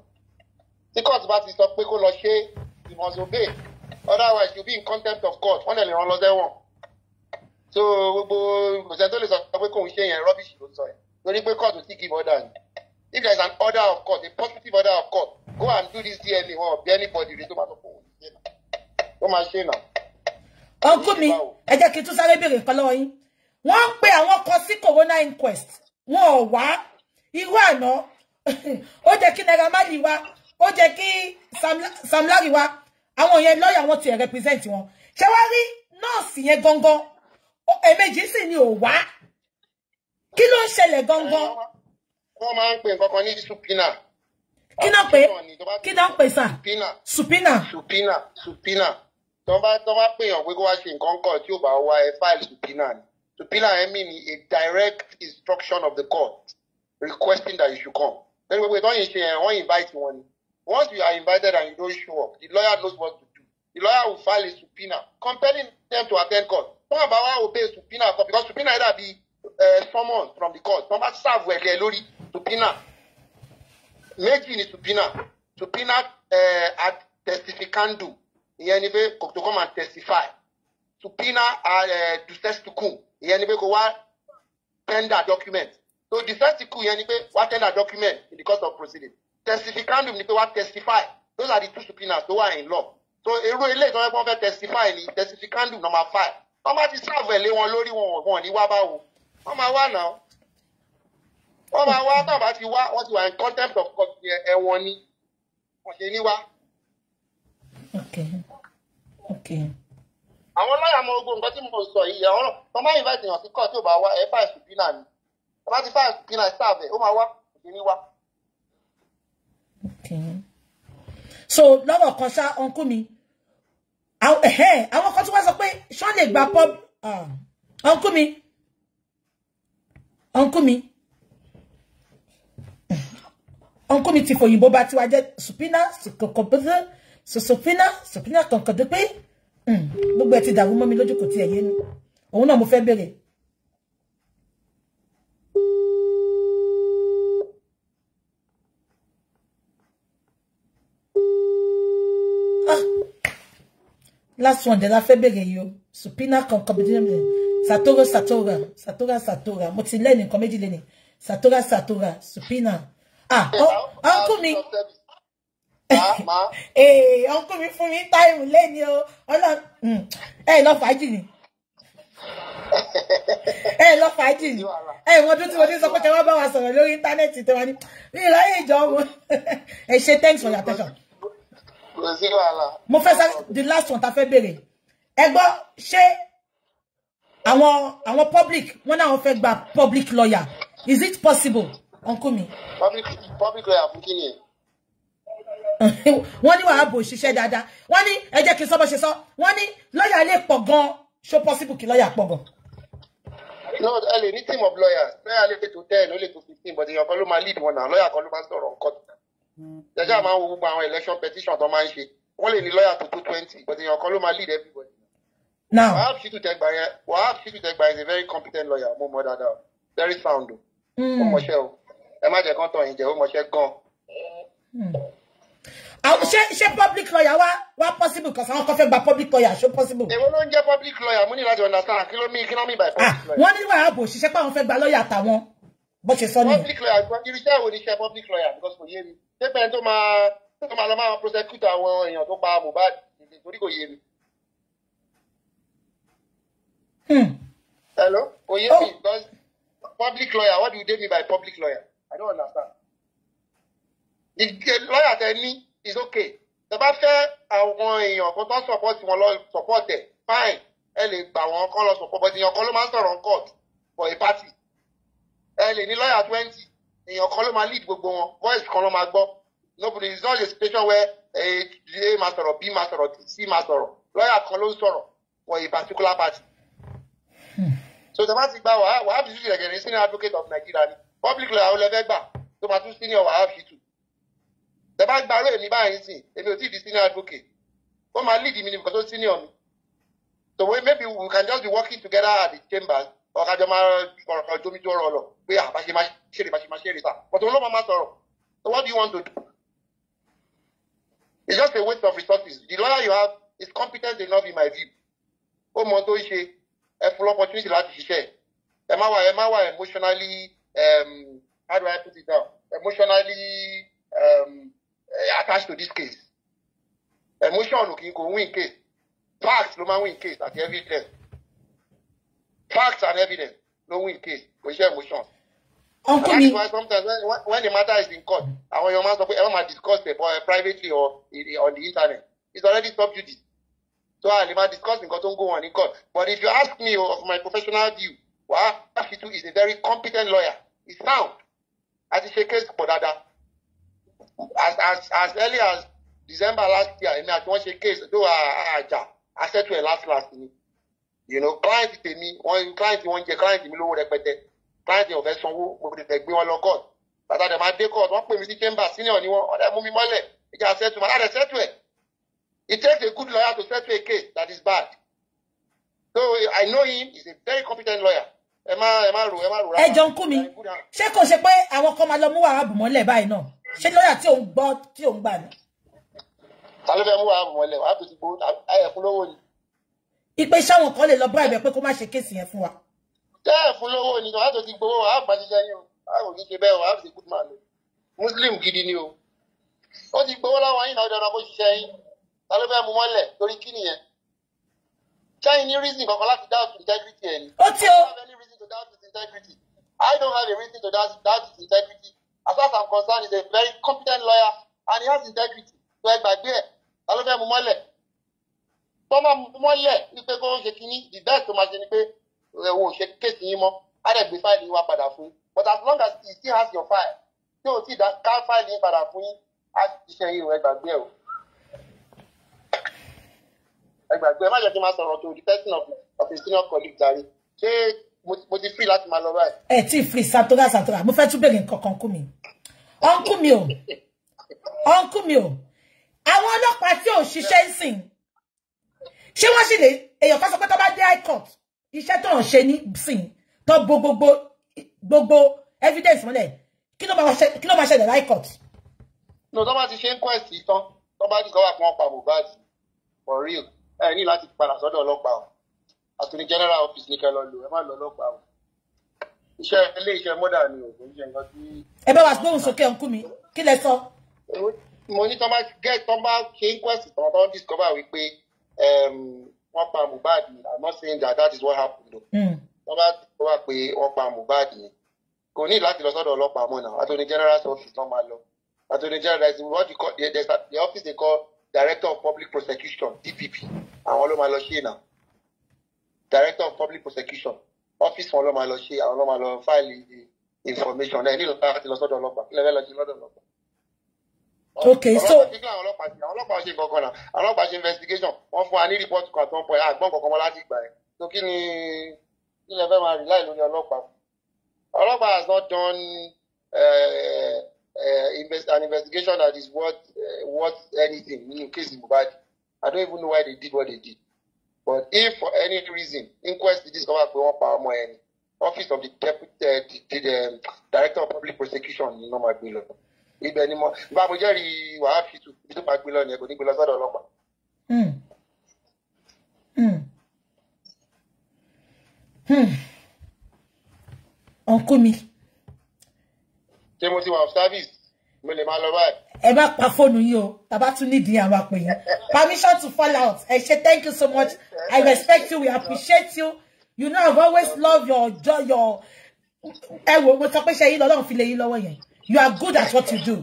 tí kọ́ọ̀tù bá ti sọ pé kó lọ ṣe he must obey otherwise you be in contempt of court wọ́n lè rán lọ sẹ́wọ̀n. so gbogbo kò sẹ́ni tó lè sọ pé kóun ṣe yẹn rọ́bìṣì ló sọ yẹn torí pé kọ́ọ̀tù tí kì í bọ́dà ni if there is an order of court a positive order of court go and do this DNA wọn ọbẹ anybody rẹ tó máa sọ pé òun ṣe náà ó máa ṣe náà. ọkú mi ẹ jẹ́ kí n tún sáré béèrè kan lọ́wọ́ yín wọ́n ń pe àwọn kan sí corona inquest wọn ò wá irú àná ó jẹ́ kí Naira Marley wá ó jẹ́ kí Sam wá àwọn yẹn lọ́ọ̀yà wọn ti represent wọn ṣé wá rí nọ́ọ̀sì yẹn gangan èmejì sì ni ò wá kí ló ń ṣẹlẹ̀ gangan wọ́n máa ń pè nǹkan kan ní supina. kí náà pé kí náà pè sà. supina. supina supina tọ́ bá tọ́ bá pè yàn pé kó wá ṣe nǹkan kan tí ò bá wá ẹ file supina ni supina yẹn mean a direct instruction of the court requesting that you should come. lẹ́nu pé wọ́n yìí ṣe yẹn wọ́n invite wọn ni once you are invited and you don't show up the lawyer knows what to do the lawyer will file a subpoena compelling them to attend court wọ́n àbá wá obey subpoena because subpoena be dàbí eh, summons from the court wọ́n bá serve ẹ̀gẹ́ lórí subpoena méjì ni subpoena subpoena uh, eh, at testificando ìyẹn ni pé kò tó come and testify subpoena at uh, eh, dustestuku ìyẹn ni pé kò wá tender document so dustestuku ìyẹn ni pé wá tender document in the course of proceeding Testificando ni pé wá testify those are the two subpoenas tó wà in law so irú eléyìí tó wọ́n fẹ́ testify ni testificando number five wọ́n bá ti sáàbù ẹ̀ lé wọn lórí wọn wọn ní wá báwo wọ́n máa wá náà wọ́n máa wá tá a bá ti wá wọ́n ti wà ní contempt of court yẹn ẹ̀wọ̀n ni wọ́n ṣe ní wá. àwọn lọ́ọ̀yà mọ ogun nǹkan tí mo sọ yìí àwọn náà wọ́n bá invite èèyàn sí court tí ò bá wá ẹ̀ fà ìsùpínà ni wọ́n bá ti fà ìsùpínà sáàbẹ̀ ó máa wá kò ṣe ní wá. so lọ́rọ̀ kan ṣá ọ̀nkú mi àwọn kan tí wọ́n sọ pé ṣọ́ọ̀lì gba pub ọ̀nkú ah, mi ọ̀nkú mi ọ̀nkú mi for you, bá tiwa jẹ́ supina kọ̀kọ̀bọ́sẹ̀ sọ̀sọ̀fínà sọ̀fínà kọ̀kọ̀dọ́pẹ́ gbogbo ẹ̀ ti dàrú mọ́ mi lójú kò tiẹ̀ yé nu òun náà mo fẹ́ ah, last one de la fẹ́ bẹ̀rẹ̀ yìí o supina kan satora satora satora satora mo ti lẹ́nu nǹkan méjì satora satora supina ah uncle mi ee uncle eh, mi fún mi táìmù lẹ́ni o ọlọ hmm, ẹ lọ fàájì ni ẹ lọ fàájì ni ẹ wọn tó tí mo ti sọ pé kí wọn bá wa sọ̀rọ̀ lórí íńtánẹ́ẹ̀tì tí wọn ní ní ìlàyé ìjọ wọn ẹ ṣe thanks for your attention. mo fẹ́ sá the last one ta fẹ́ béèrè ẹ gbọ́ ṣé àwọn àwọn public wọn náà wọn fẹ́ gba public lawyer is it possible ọ̀nkú mi. public lawyer fún kí ni. wọ́n ní wàá bò ṣiṣẹ́ dáadáa wọ́n ní ẹ jẹ́ kí n sọ bó ṣe sọ wọ́n ní lọ́ọ̀yà lè pọ̀ gan-an ṣó possible kí lọ́ọ̀yà pọ̀ gan. no ẹ lè ní team of lawyers lọ́ọ̀yà lè tó ten ó lè tó fifteen but èèyàn kan ló máa lead wọn náà lọ́ọ̀yà kan ló máa sọ̀rọ̀ nǹkan jẹjẹ máa ń gbogbo àwọn election petition tó máa ń ṣe wọ́n lè ní lọ́ọ̀yà tó tó twenty but èèyàn kan ló máa lead everybody. now wahab shitu tegba yẹn wahab shitu tegba is a very competent lawyer mo mọ dáadáa very sound hmm. o mo mọṣẹ́ o ẹ má jẹ́ kán tàn yín jẹ ó mọṣẹ́ gan. Hmm. àwọn ṣé ṣé public lawyer wá wá possible kan sáwọn kan fẹ́ gba public lawyer ṣó possible. èwo ló ń jẹ́ public lawyer mú ní láti understand kí ló mí kí ló mí by public ah, lawyer. wọ́n ní wàá bò ṣiṣẹ́ pé àwọn fẹ́ gba lọ́ọ̀yà tàwọn bó ṣe sọ ni. public lawyer gbọ́n irinṣẹ́ ìwé ni iṣẹ́ public lawyer because kò yé mi pépè tó máa tó máa lọ máa prosecute àwọn èèyàn tó pa Mohbad nítorí kò yé mi. Hmm. hello kò yé mi oh. because public lawyer what do you dey mean by public lawyer. I don't understand. The lawyer tẹ me it's okay. Tẹ bá fẹ́ àwọn èèyàn kan tó ń support wọn lọ support ẹ̀ fine. Ẹ lè gbà wọ́n kọ́ lọ support but èèyàn kan ló máa ń sọ̀rọ̀ court for a party. Ẹ lè ní lawyer twenty. Èèyàn kan ló máa lead gbogbo wọn. Voice kan ló máa gbọ́. Nobody is not a situation where A máa sọ̀rọ̀ B máa sọ̀rọ̀ C máa sọ̀rọ̀ lọ́yà kan ló ń sọ̀rọ̀ for a particular party. Hmm. So tẹ bá ti gba wàhálà wàhálà bí ṣùṣù ẹ̀gẹ̀rẹ̀ senior advocate of Nigeria ni public lawyer ó lẹ́fẹ́ gbà tó máa tún senior wàhálà fi tù tẹ bá gba ọlọ́ọ̀ mi báyìí sìn èmi ò tí ì di senior advocate ó máa lead mi ní because ó senior mi so we maybe we can just be working together at the chambers ọ̀kájọ́ máa ọ̀rọ̀ jomi tó rọ̀ lọ pé àbáṣe ah, máa ṣeré báṣe máa ṣeré ta but òun ló máa sọ̀rọ̀ so what do you want to do it's just a waste of resources the lawyer you have is competent enough in my view ó mọ tó ń ṣe ẹ fún opportunity láti ṣiṣẹ́ ẹ má wà ẹ má wà emotionally um, how do I put it down? Emotionally um, eh, attached to this case. Emotion kì í kò win case. Facts ló máa win case àti evidence. Facts and evidence ló win case kò ṣe emotion. Uncle and that why sometimes when, when the matter is in court, àwọn èèyàn máa sọ pé ẹ má máa discuss it privately or on the internet. It's already sub judice. So I never discuss nǹkan tó ń go on in court. But if you ask me of my professional view, Wafitu is a very competent lawyer. He's sound. As he ṣe case for Dada, As as as early as December last year, I mean, I want ṣe case I I àjà to ẹ̀ last last ni. You know, client tèmi, wọ́n client wọ́n jẹ client mi lówó rẹpẹtẹ. Client yẹn ò fẹ́ sanwó, mo tètè gbé wọn lọ court. Bàtà dẹ̀ máa dé court, wọ́n pè mí sí chamber senior ni wọ́n, ọ̀dẹ̀ mú mi mọ́lẹ̀, ìjà àṣẹ́tù, màá dẹ̀ ṣẹ́tù ẹ̀. It takes a good lawyer to set to a case that is bad. So I know him, he's a very competent lawyer ẹ má ẹ má rò ẹ má rò rárá. ẹ jọ ń kú mi ṣé kò ṣe pé àwọn kan máa lọ mú wàhálà bùmọ́lẹ̀ báyìí náà ṣé lọ́yà tí òun gbọ́ tí òun gbà ní. ta ló fẹ́ mú wàhálà bùmọ́lẹ̀ wàá fi ti gbó ẹ̀kún lówó ni. ìpè sáwọn kan lè lọ bá ẹ̀bẹ̀ pé kó má ṣe kéèsì yẹn fún wa. jẹ́ ẹ̀kún lówó ni wàá tó ti gbowó wàá bá ṣiṣẹ́ yín o wàá kò ní ṣe bẹ́ẹ̀ wàá fi gúdùmá lò muslim gidi ni o ó ti gbowó láwọn yìí náà dára bó ṣiṣẹ́ yín ta ló fẹ́ mú mọ́lẹ̀ torí kí nìyẹn ṣáà ní reason kankan láti dáàbò integrity ẹ̀ ni. ó ti o doubt his integrity. I don't have a reason to doubt, doubt his integrity. As far as I'm concerned, he's a very competent lawyer and he has integrity. So ẹ gbàgbé there. I ló fẹ́ mú mọ́lẹ̀? Tọ́mọ̀ mú mọ́lẹ̀ ní pé kó ṣe kínní, the best tó máa ṣe ni pé ẹ̀wò ṣe kéèsì yín mọ́, á dẹ̀ gbé fáìlì yín padà fún yín. But as long as he still has your file, tí o ti dá ká fáìlì yín padà fún yín, á ti ṣe yín o, ẹ gbàgbé ẹ̀ o. Ẹ gbàgbé ẹ má jẹ́ kí n máa sọ̀rọ̀ to the person of, of a senior colleague jàre. Ṣé mo ti fi láti máa lọ báyìí. ẹ tí free santora santora mo fẹ́ tún bèrè nǹkan kan kú mi ọ̀nkú mi o ọ̀nkú mi o àwọn ọlọ́pàá tí ò ṣiṣẹ́ ń sìn ṣé wọ́n sì lè èèyàn kan sọ pé tó bá dé high court iṣẹ́ tó ń ṣe ní sìn tó bo gbogbo gbogbo evidence mọ́lẹ̀ kí ló máa ṣẹlẹ̀ high court. no tó bá ti ṣe ń kọ́ ẹ̀sìn tán tó bá ti sọ wà fún ọ̀pá mohbad for real ẹ ní láti padà sọ́dọ̀ ọlọ́pàá o àti ní general office ní kẹ́ lọ lò ẹ má lọ ọlọ́pàá o iṣẹ́ ilé iṣẹ́ mọdà ni o kò ń ṣe nǹkan tí. ẹ bá wa gbóhùn sókè ọ̀nkú mi kí lẹ sọ. mo ní tọ́ba gẹ́ tọ́ba ṣe inquest tọ́ba tọ́ba discover wípé ehm, wọ́n pa Mohbad ni i'm not saying that that is what happened o. Hmm. tọ́ba discover pé wọ́n pa Mohbad ni kò ní láti lọ sọ́dọ̀ ọlọ́pàá mọ́ náà àtòní general office náà máa lọ àtòní general what you call the office they call director of public prosecution DPP àwọn ló máa lọ ṣe náà director of public prosecution ọ́fíìsì wọn ló máa lọ ṣe àwọn ló máa fáìlì information náà nílò láti lọ sọ́dọ̀ ọlọ́pàá kí lẹ́fẹ́ lọ sí lọ́dọ̀ ọlọ́pàá. okay so àwọn ọlọ́pàá ṣe àwọn ọlọ́pàá ṣe nǹkan kan náà àwọn ọlọ́pàá ṣe investigation wọ́n fún wa ní report kan tó ń pọ̀ àgbọ̀n kankan wọn láti gbà ẹ̀ so kí ni kí lẹ́fẹ́ máa rely lórí ọlọ́pàá ọlọ́pàá has not done uh, uh, an investigation that is worth uh, worth anything nínú kéèsì Mohbad I don't even know why they did what they did but if for any reason inquest discover pé wọ́n pa ọmọ ẹni office of the deputy uh, the, the um, director of public prosecution ni wọ́n máa gbé lọ ibẹ̀ ni mo bá mo jẹ́rìí wàá fi tu ibi tó máa gbé lọ ni ẹ kò ní gbé lọ sọ́dọ̀ ọlọ́pàá. ọ̀nkú hmm. hmm. hmm. mi. ṣé mo ti wà of service mo lè máa lọ báyìí. ẹ bá pa fóònù yìí o tàbá tún nídìí àwọn àpè permission to fall out ẹ ṣe thank you so much i respect you we appreciate you you know i've always loved your joy your ẹ wo mo sọ pé ṣe yín lọ́lọ́run fi lè yín lọ́wọ́ yẹn you are good at what you do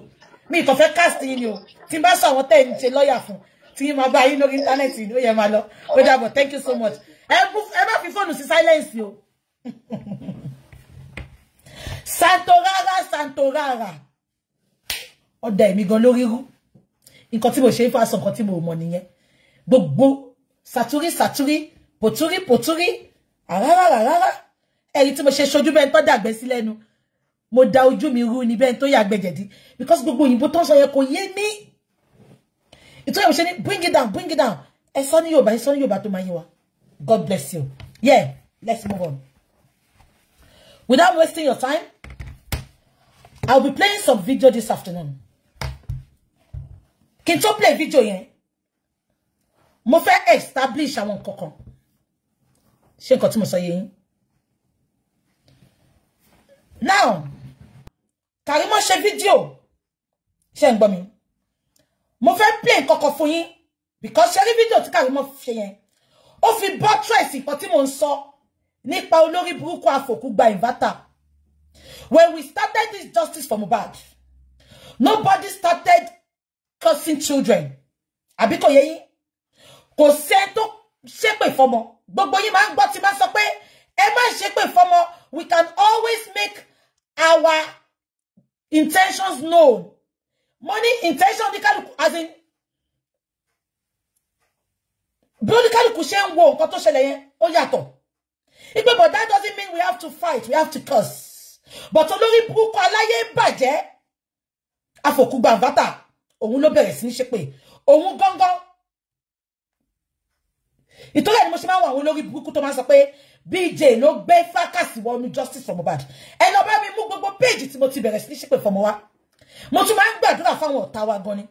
mi kò fẹ́ cast yín ni o tí n bá sọ àwọn tẹ́ ẹ̀ ń ṣe lọ́ọ̀yà fún tí yín máa bá yín lórí íńtánẹ́ẹ̀tì ó yẹ máa lọ ó dàbọ̀ thank you so much ẹ má fi fóònù sí silence o santorara santorara. ó da èmi gan lórí rú nǹkan tí mo ṣe fa sọ nǹkan tí mo mọ̀ nìyẹn gbogbo sàtúrí sàtúrí pòtúrí pòtúrí àrárárárá ẹni tí mo ṣe ṣojú bẹ́ẹ̀ tó dàgbẹ́ sí lẹ́nu mo da ojú mi rú ni bẹ́ẹ̀ tó yà gbẹ̀jẹ̀dí because gbogbo òyìnbó tó ń sọ kò yé mi ìtúyẹ̀ mo ṣe ní bring it down bring it down ẹ sọ ní Yorùbá ẹ sọ ní Yorùbá tó máa yé wa God bless you yeah let's move on without wasting your time I'll be playing some video this afternoon kí tó play video yẹn mo fẹ́ establish àwọn nǹkan ṣé tí mo sọ yín now ṣe ṣe ń gbọ́ mi mo fẹ́ play fún yín because ṣe video. fídíò tí Karimo yẹn ó fi buttress tí mo nípa olórí burúkú àfòkú gba when we started this justice for Mohbad nobody started cursing children àbí kò yé yín kò sẹ́ tó ṣépè fọmọ gbogbo yín máa ń gbọ́ tí máa sọ pé ẹ má ṣépè fọmọ we can always make our intentions known money intention ní kálukú as in bí oníkálukú ṣe ń wo nǹkan tó ṣẹlẹ̀ yẹn ó yàtọ̀ ìgbé but that doesn't mean we have to fight we have to curse but olórí burúkú aláyé bàjẹ́ vata. òun ló bẹ̀rẹ̀ sí ní ṣépè òun gángan ìtọ́lẹ̀ ni mo ṣe máa ń wọ àwọn olórí burúkú tó máa sọ pé BJ ló gbé fákàsì wọnú justice for Mohbad ẹni ọba mi mú gbogbo péèjì tí mo ti bẹ̀rẹ̀ sí ní ṣépè fọmọ wa mo tún máa ń gbàdúrà fáwọn ọ̀tá wa gan ni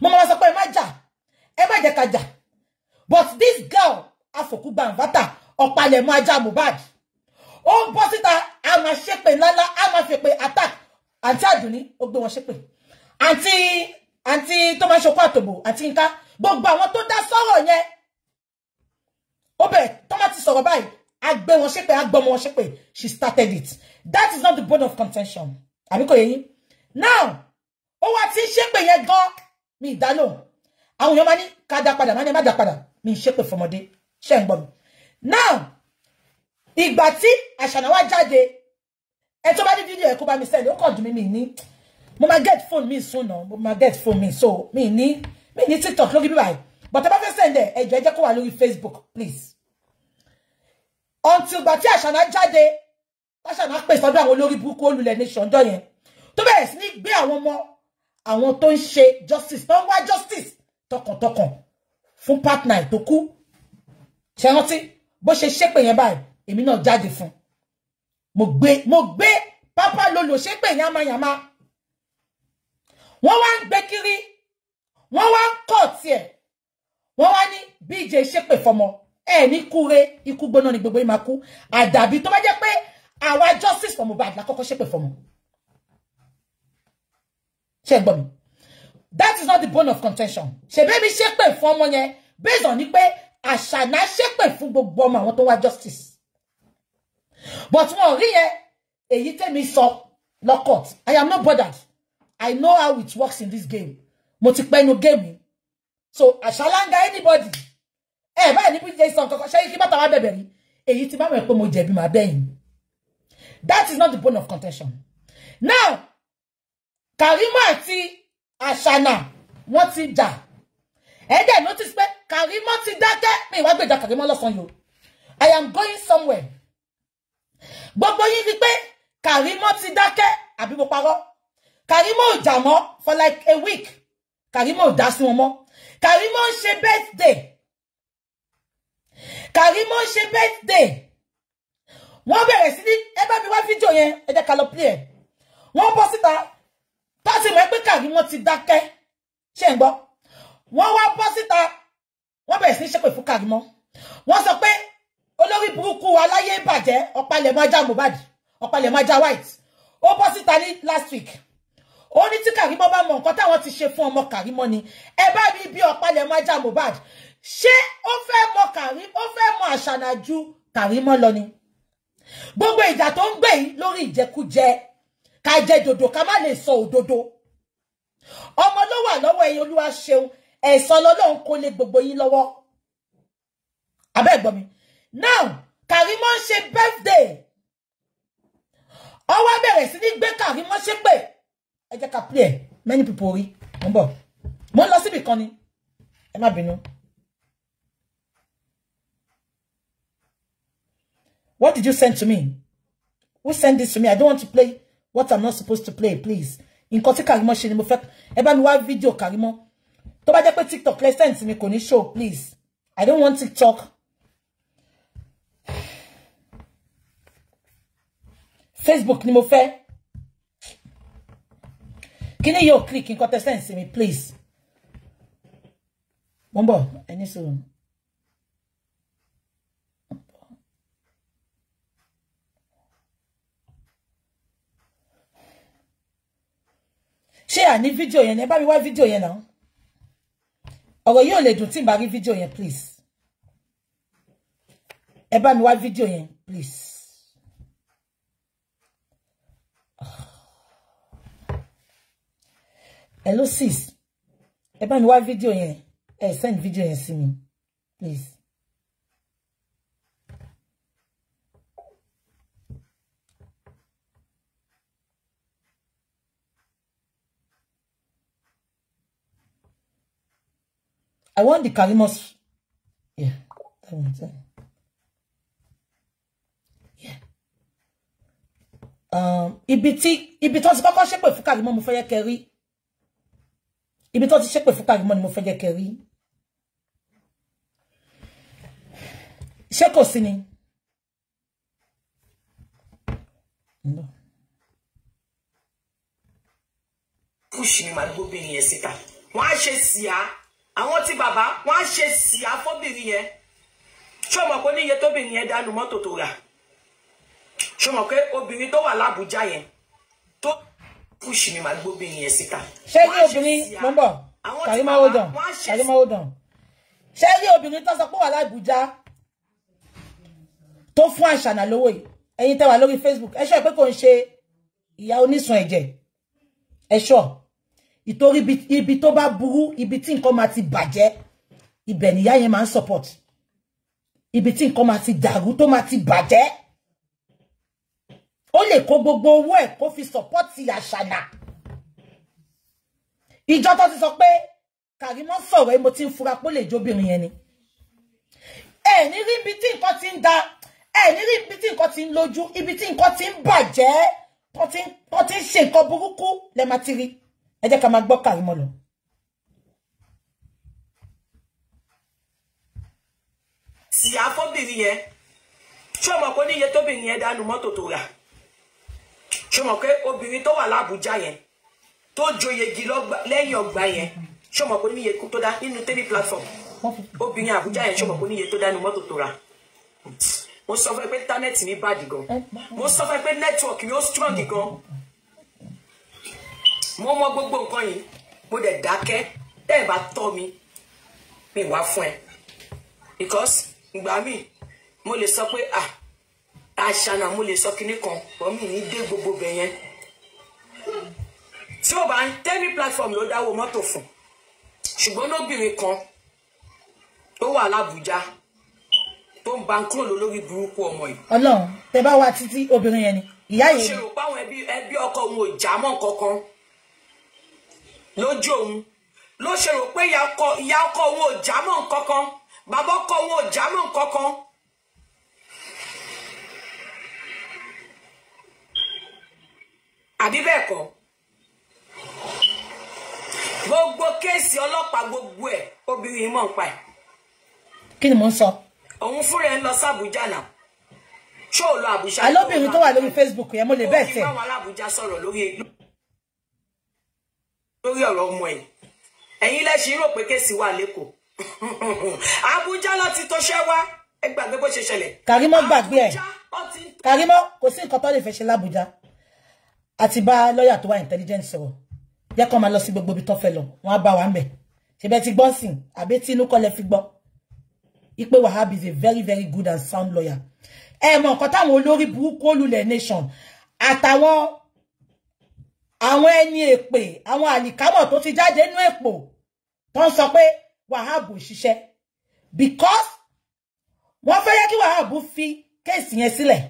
mo máa sọ pé ẹ má jà ẹ má jẹ́ ká jà but this girl afọ̀kú gbàǹfàtà ọ̀pálẹ̀mọ́ ajá Mohbad ó ń bọ́ síta a máa ṣépè ńláńlá a máa attack àǹtí àdùnní ó gbé wọn ṣépè àǹtí àti tó máa ń ṣokọ́ àtòbò àti nǹka gbogbo àwọn tó dá sọ́rọ̀ yẹn ó bẹ̀ tó máa ti sọ̀rọ̀ báyìí agbẹ́ wọn ṣépè agbọ́mọ wọn ṣépè she started it that is not the bone of contention àbí kò yé now ó wá tí ń ṣépè yẹn gan mi ìdálò àwọn èèyàn máa ní ká dá padà máa ní má dá padà mi ń ṣépè fọmọdé ṣe ń gbọ́ mi now ìgbà tí àṣànà wá jáde ẹ tó bá ní fídíò ẹ kó bá mi sẹ́ni ó kàn dùn mí mi ní mo máa get phone me soon náà mo máa get phone me. so me ní mi ní tiktok lórí bíbáyìí but ẹ bá send there. ẹjọ́ ẹ jẹ́ kó wà lórí facebook please until but I shall judge. ìgbà tí àṣàna jáde àṣàna pè sọ́dọ̀ àwọn book all the nation dọ́ yẹn tó bẹ̀rẹ̀ sí ní gbé àwọn I want tó share justice Don't want justice Talk talk on on. fún partner tó kú ṣe rántí bó ṣe ṣépè yẹn báyìí èmi náà jáde fún mo gbé mo gbé pápá lolo shake yama yama wọ́n wá ń gbé kiri wọ́n wá ń kọ̀ tiẹ̀ wọ́n wá ní bí ìjẹ ìṣépè fọmọ ẹ ní kúre ikú gbóná ni gbogbo yìí máa àdàbí tó bá jẹ́ pé àwa justice for bad. la kọ́kọ́ ṣépè fọmọ ṣe gbọ́ mi that is not the bone of contention ṣèbẹ́mi ṣépè fún ọmọ yẹn based on ni pé àṣànà ṣépè fún gbogbo ọmọ àwọn tó wá justice but wọn ò rí yẹn èyí tẹ́mi sọ lọ́kọ̀t I am not bothered. I know how it works in this game. Mo no pẹ́ inú game. So, àṣàlángá anybody. Eh, báyìí ní bí jẹ́ ìsàn kankan, ṣé kí bàtà wá bẹ̀bẹ̀ rí? Èyí ti bá wẹ̀ pé mo jẹ̀bi màá bẹ̀yìn. That is not the point of contention. Now, Karimo àti Àṣànà wọ́n ti jà. then dẹ̀ notice pé Karimo ti dákẹ́ mi ìwà gbèjà Karimo lost on you? I am going somewhere. Gbogbo yín ni pé Karimo ti dákẹ́ àbí mo parọ́. Karimo ò jà for like a week. Karimo ò dá mọ́. Karimo she birthday. Karimo she birthday. Wọ́n bẹ̀rẹ̀ sí ní mi wá fídíò yẹn ẹ jẹ́ ká lọ play ẹ̀. Wọ́n bọ́ síta táti mọ̀ pé Karimo ti dákẹ́ ṣe ń gbọ́. Wọ́n wá bọ́ síta wọ́n bẹ̀rẹ̀ sí ní ṣépè fún Karimo. Wọ́n sọ olórí burúkú aláyé ìbàjẹ́ ọ̀pálẹ̀ máa já ọ̀pálẹ̀ máa White. Ó bọ́ síta ní last week. Oni ẹ bá rí bí ọ̀pálẹ̀ máa já Mohbad ṣé ó fẹ́ mọ Kàrí ó fẹ́ mọ àṣànà ju Kàrímọ́ lọ ni gbogbo ìjà tó ń gbè yìí lórí ìjẹkújẹ ká jẹ dòdò ká má lè sọ òdodo ọmọ ló wà lọ́wọ́ ẹ̀yin olúwa ṣeun ẹ̀san lọ́lọ́run kò lè gbogbo yín lọ́wọ́ abẹ́ gbọ́ mi now Kàrímọ́ ń ṣe birthday ó wá bẹ̀rẹ̀ sí ní gbé Kàrímọ́ ṣépè. ẹ jẹ́ ká play many people rí mo ń bọ̀ mo ń lọ síbi kan ni ẹ má bínú. What did you send to me? Who sent this to me? I don't want to play what I'm not supposed to play, please. In tí Karimo ṣe ni mo fẹ́ ẹ bá mi wá fídíò Karimo. Tó bá jẹ́ pé TikTok lẹ send mi kò ní show, please. I don't want TikTok. Facebook ni mo fẹ́. Can you click in tẹ send sí please mo any bọ̀ Share any video. àní fídíò yẹn video ẹ bá mi you fídíò yẹn náà ọ̀rọ̀ yóò please Eba, bá mi wá fídíò yẹn please. hello sis ẹ bá mi video fídíò yẹn send video yẹn sí mi please. I want the Kalimos. Yeah. that. Yeah. Um, ibi tí ibi tó ti kọ́kọ́ ṣépè fún Kalimọ́ mo fẹ́ yẹ kẹrí ibi tó ti ṣépè fún Karimo ni mo fẹ́ jẹ́ kẹ́ rí ṣé kò sí ni. No. push ni màá gbóbìnrin yẹn síta wọn á ṣe síá àwọn tí bàbá wọn á ṣe síá fọbìnrin yẹn ṣọmọ pé oníye yẹn dánú mọ́tò tó rà ṣọmọ pé obìnrin tó wà lábújá yẹn push mi máa gbóbìnrin yẹn síta. ṣé ní obìnrin mo ń bọ̀ Karimo hold on Karimo hold on ṣé ní obìnrin tó wà tó fún lówó ẹ̀yin tẹ́ wà lórí Facebook ẹ ṣọ́ pé kò ń ṣe ìyá onísun ẹ̀jẹ̀ ẹ ṣọ́ ìtorí ibi tó bá burú ibi tí nǹkan máa ti ibẹ̀ nìyá ya máa support ibi tí nǹkan máa ti dàrú tó máa ti daru to ti baje ó lè kó gbogbo owó ẹ̀ kó fi sọ́pọ́tì àṣànà ìjọ tó ti sọ pé Karimo sọ̀rọ̀ mo ti fura pé ó lè jóbìnrin ni ẹ ní rí ibi tí nǹkan ti da ẹ ni rí ibi tí nǹkan ti ń lójú ibi tí nǹkan ti ń bàjẹ́ tó ti ń ṣe nǹkan burúkú lẹ́ẹ̀ máa ti rí ẹ jẹ́ ká máa gbọ́ Karimo lọ. ìyá fóbìnrin yẹn ṣé ọmọ kò ní iye tóbìnrin yẹn dánú mọ́tò tó rà ṣé mọ̀ pé obìnrin tó wà lábújá yẹn tó joyegi lẹ́yìn ọgbà yẹn ṣé mọ̀ pé níye tó dá nínú tẹ́lẹ̀ platform obìnrin àbújá yẹn ṣé mọ̀ pé níye tó dá nínú mọ́tò tó ra mo sọ fún ẹ pé íńtánẹ́ẹ̀tì ní báàdì gan mo sọ fún ẹ pé nẹ́tíwọ̀kì ni ó strong gan mo mọ gbogbo nǹkan yìí mo dẹ̀ dákẹ́ tẹ́ ẹ bá tọ́ mi mi wá fún ẹ because ìgbà míì mo lè sọ pé ah àṣànà mo lè sọ kinní kan pọ̀mì ní dé gbogbo bẹ̀ yẹn tí ó bá ń tẹ́ni platform ló dáwọ́ mọ́tò fún ṣùgbọ́n lóbìnrin kan tó wà lábújá tó ń ba kúrò lólórí burúkú ọmọ yìí. Ọlọ́run tẹ bá wá títí obìnrin yẹn ni ìyá yẹn. ṣe rò páwọn ẹbí ẹbí ọkọ òun ò já mọ́ kankan lójú òun ló ṣe rò pé ìyá ọkọ òun ò já mọ́ kankan bàbá ọkọ òun ò já mọ́ kankan àbí bẹ́ẹ̀ kọ́ gbogbo kéèsì ọlọ́pàá gbogbo ẹ̀ obìnrin mọ̀ ń pa ẹ̀. kí ni mò ń sọ. òun fúnra ẹ̀ ń lọ sí àbújá náà ṣó o lọ àbújá. alóbìnrin tó wà lórí Facebook yẹn mo lè bẹ́ẹ̀ tẹ̀. ó fi báwọn alábùjá sọ̀rọ̀ lórí lórí ọ̀rọ̀ ọmọ ẹ̀ ẹ̀yin lẹ́sìn rò pé kéèsì wà lẹ́kọ̀ọ́ àbújá ló ti tó ṣẹ́ wá ẹ gbàgbé bó ṣe ṣẹlẹ̀. kàrímọ́ gbàgbé ẹ̀ kàrímọ́ kò sí nǹkan tó lè fẹ́ ṣe lábújá àti bá lọ́yà tó wà intelligent sọ̀rọ̀ jẹ́ kó máa lọ sí gbogbo ibi tó fẹ́ lọ wọ́n á bá wa ń bẹ̀ ṣebẹ́ ti gbọ́ sìn àbí tí inú kọ́lẹ̀ fi gbọ́ ipe Wahab is a very very good and sound lawyer ẹ mọ nǹkan táwọn olórí burúkú olùlẹ̀ nation àtàwọn àwọn ẹni èpè àwọn àlìkámọ̀ tó ti jáde nínú èpò tó ń sọ pé Wahab ò ṣiṣẹ́ because wọ́n fẹ́ yẹ kí Wahab fi kéèsì yẹn sílẹ̀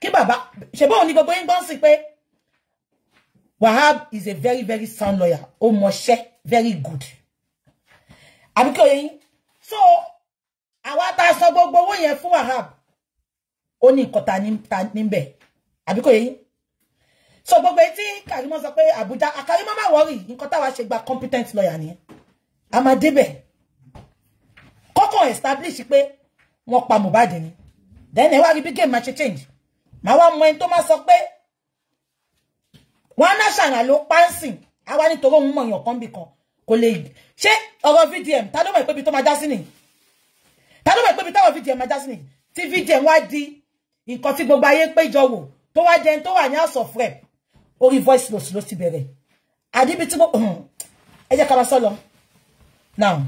kí bàbá ṣe bóun ní gbogbo yín gbọ́n sí pé Wahab is a very, very sound lawyer. Oh, Moshe, very good. Abiko yin. So, àwa tá sọ gbogbo owó yẹn fún Wahab. Ó ní nǹkan tá ní ta níbẹ̀. Abiko yin. So gbogbo tí Karimo sọ pé Abuja, Akarimo má worry, nǹkan tá wa ṣe gba competent lawyer ni. Amadebe. Kọ́kọ́ establish pé wọ́n pa Mohbad ni. Then ẹ wá rí bí game máa change. Ma wá mọ ẹni tó máa sọ pé wọn náà ṣàrà ló pánsìn àwa nítorí òun mọ̀ èèyàn kan bì kan kò lè ṣe ọ̀rọ̀ VDM ta ló mọ̀ pé ibi tó máa já sí nìyí ta ló mọ̀ pé ibi táwọn VDM máa já sí nìyí tí VDM wá di nǹkan tí gbogbo ayé péjọ wò tó wá jẹun tó wà ní house orí voice note ló ti bẹ̀rẹ̀ àdíbi tí ẹ jẹ́ ká máa sọ lọ now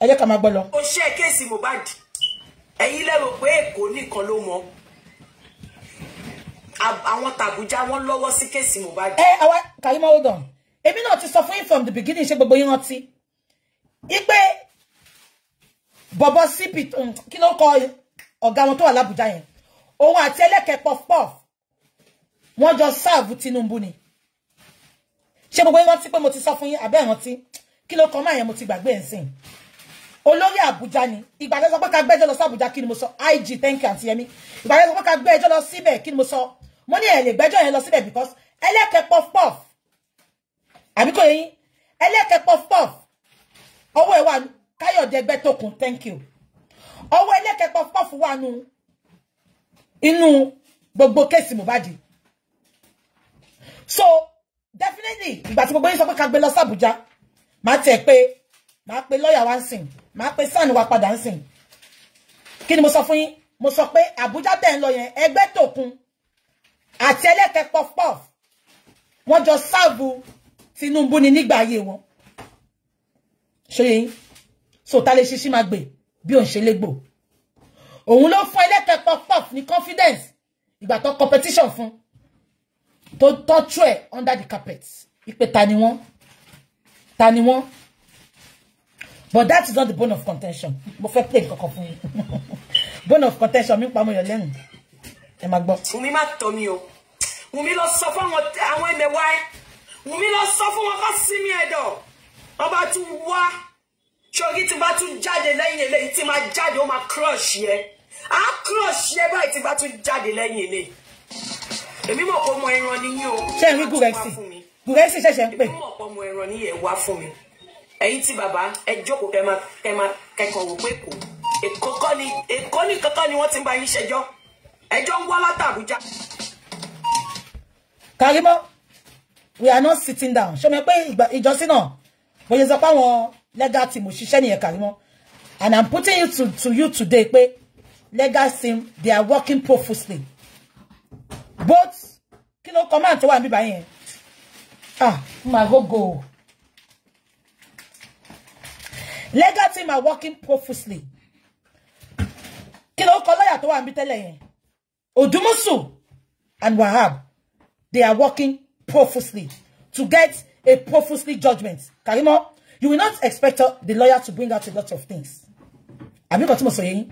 ẹ jẹ́ ká máa gbọ́ lọ. ó ṣe kéèsì Mohbad ẹ̀yin lẹ́rù pé Èkó nìkan ló mọ̀ àwọn tàbújá wọ́n lọ́wọ́ sí kéèsì Mohbad. ẹ àwa kàyí mọ́ hold on èmi náà ti sọ fún yín from the beginning ṣé gbogbo yín rántí ipe bọ̀bọ̀ cp mm, kí ló ń kọ ọ̀gá wọn tó wà lábújá yẹn òun àti ẹlẹ́kẹ̀ pọ̀fpọ̀f wọ́n jọ sáàbù Tinubu ni ṣé gbogbo yín rántí pé mo ti sọ fún yín àbẹ́ rántí kí ló kọ máa yẹn mo ti gbàgbé ẹ̀ sìn olórí àbújá ni ìgbà tó sọ pé ká gbẹ́jọ́ lọ sí àbújá kí ni mo sọ IG thank you àti yẹmi ìgbà tó sọ pé ká gbẹ́jọ́ lọ síbẹ̀ kí ni mo sọ mo ní ẹ̀ lè gbẹ́jọ́ yẹn lọ síbẹ̀ because ẹlẹ́kẹ̀ puff puff àbí kò yé yín ẹlẹ́kẹ̀ puff puff ọwọ́ ẹ̀ wà káyọ̀dé ẹgbẹ́ tókun thank you ọwọ́ ẹlẹ́kẹ̀ puff puff wà nù inú gbogbo kéèsì Mohbad so definitely ìgbà tí gbogbo yín sọ pé ká gbé lọ sí Àbújá màá tiẹ̀ pé màá pe lọ́ọ̀yà wa ń sìn màá pe sáà ni wa padà ń sìn mo sọ fún yín mo sọ pé Àbújá tẹ̀ ń lọ yẹn ẹgbẹ́ tókun àti ẹlẹ́tẹ̀ pọfpọf wọ́n jọ sáàbù Tinubu ni nígbà ayé wọn ṣóyè yín so ta lè ṣiṣí máa gbè bí òun ṣe légbò òun ló fún ẹlẹ́tẹ̀ pọfpọf ní confidence ìgbà tó competition fún tó tọ́jú ẹ̀ under the carpet ìpè ta ni wọ́n ta ni wọ́n but that is not the bone of contention mo fẹ́ pè nǹkan fún yín bone of contention mi pa mo yọ lẹ́nu ẹ máa gbọ́. Wùmí má tọ́ mi o Wùmí lọ sọ fún àwọn ẹ̀mẹ̀wá ẹ̀ Wùmí lọ sọ fún wọn kó sí mi ẹ̀dọ̀ ọba tún wá ṣòrí tí bá tún jáde lẹ́yìn eléyìí tí máa jáde ó máa crush yẹ á crush yẹ báyìí tí bá tún jáde lẹ́yìn eléyìí èmi mọ̀ pé ọmọ ẹran ni yín o ṣé ń rí gùrẹ́sì gùrẹ́sì ṣẹ̀ṣẹ̀ ń pè èmi mọ̀ pé ọmọ ẹran ni yẹ wá fún mi ẹ̀yin tí bàbá ẹ jókòó kẹ́ máa kẹ́kọ̀ọ́ wò pé kò èkó kọ́ ni èkó ni kankan ni wọ́n ti ń bá yín ṣẹjọ́ ẹjọ́ ń wá látàbújá. Karimo we are not sitting down ṣé mi pé ìjọsìn náà bóyá sọ pé àwọn legal team ò ṣiṣẹ́ nìyẹn Karimo and i'm putting it to, to you today pé legal they are working profusely both kí ló command tó wà níbí báyìí yẹn ah my gogo legal team are working profusely kí ló kọ lọ́yà tó wà níbí tẹ́lẹ̀ yẹn Odumusu and Wahab, they are working profusely to get a profusely judgment. Karimo, you will not expect the lawyer to bring out a lot of things. Have you got to say?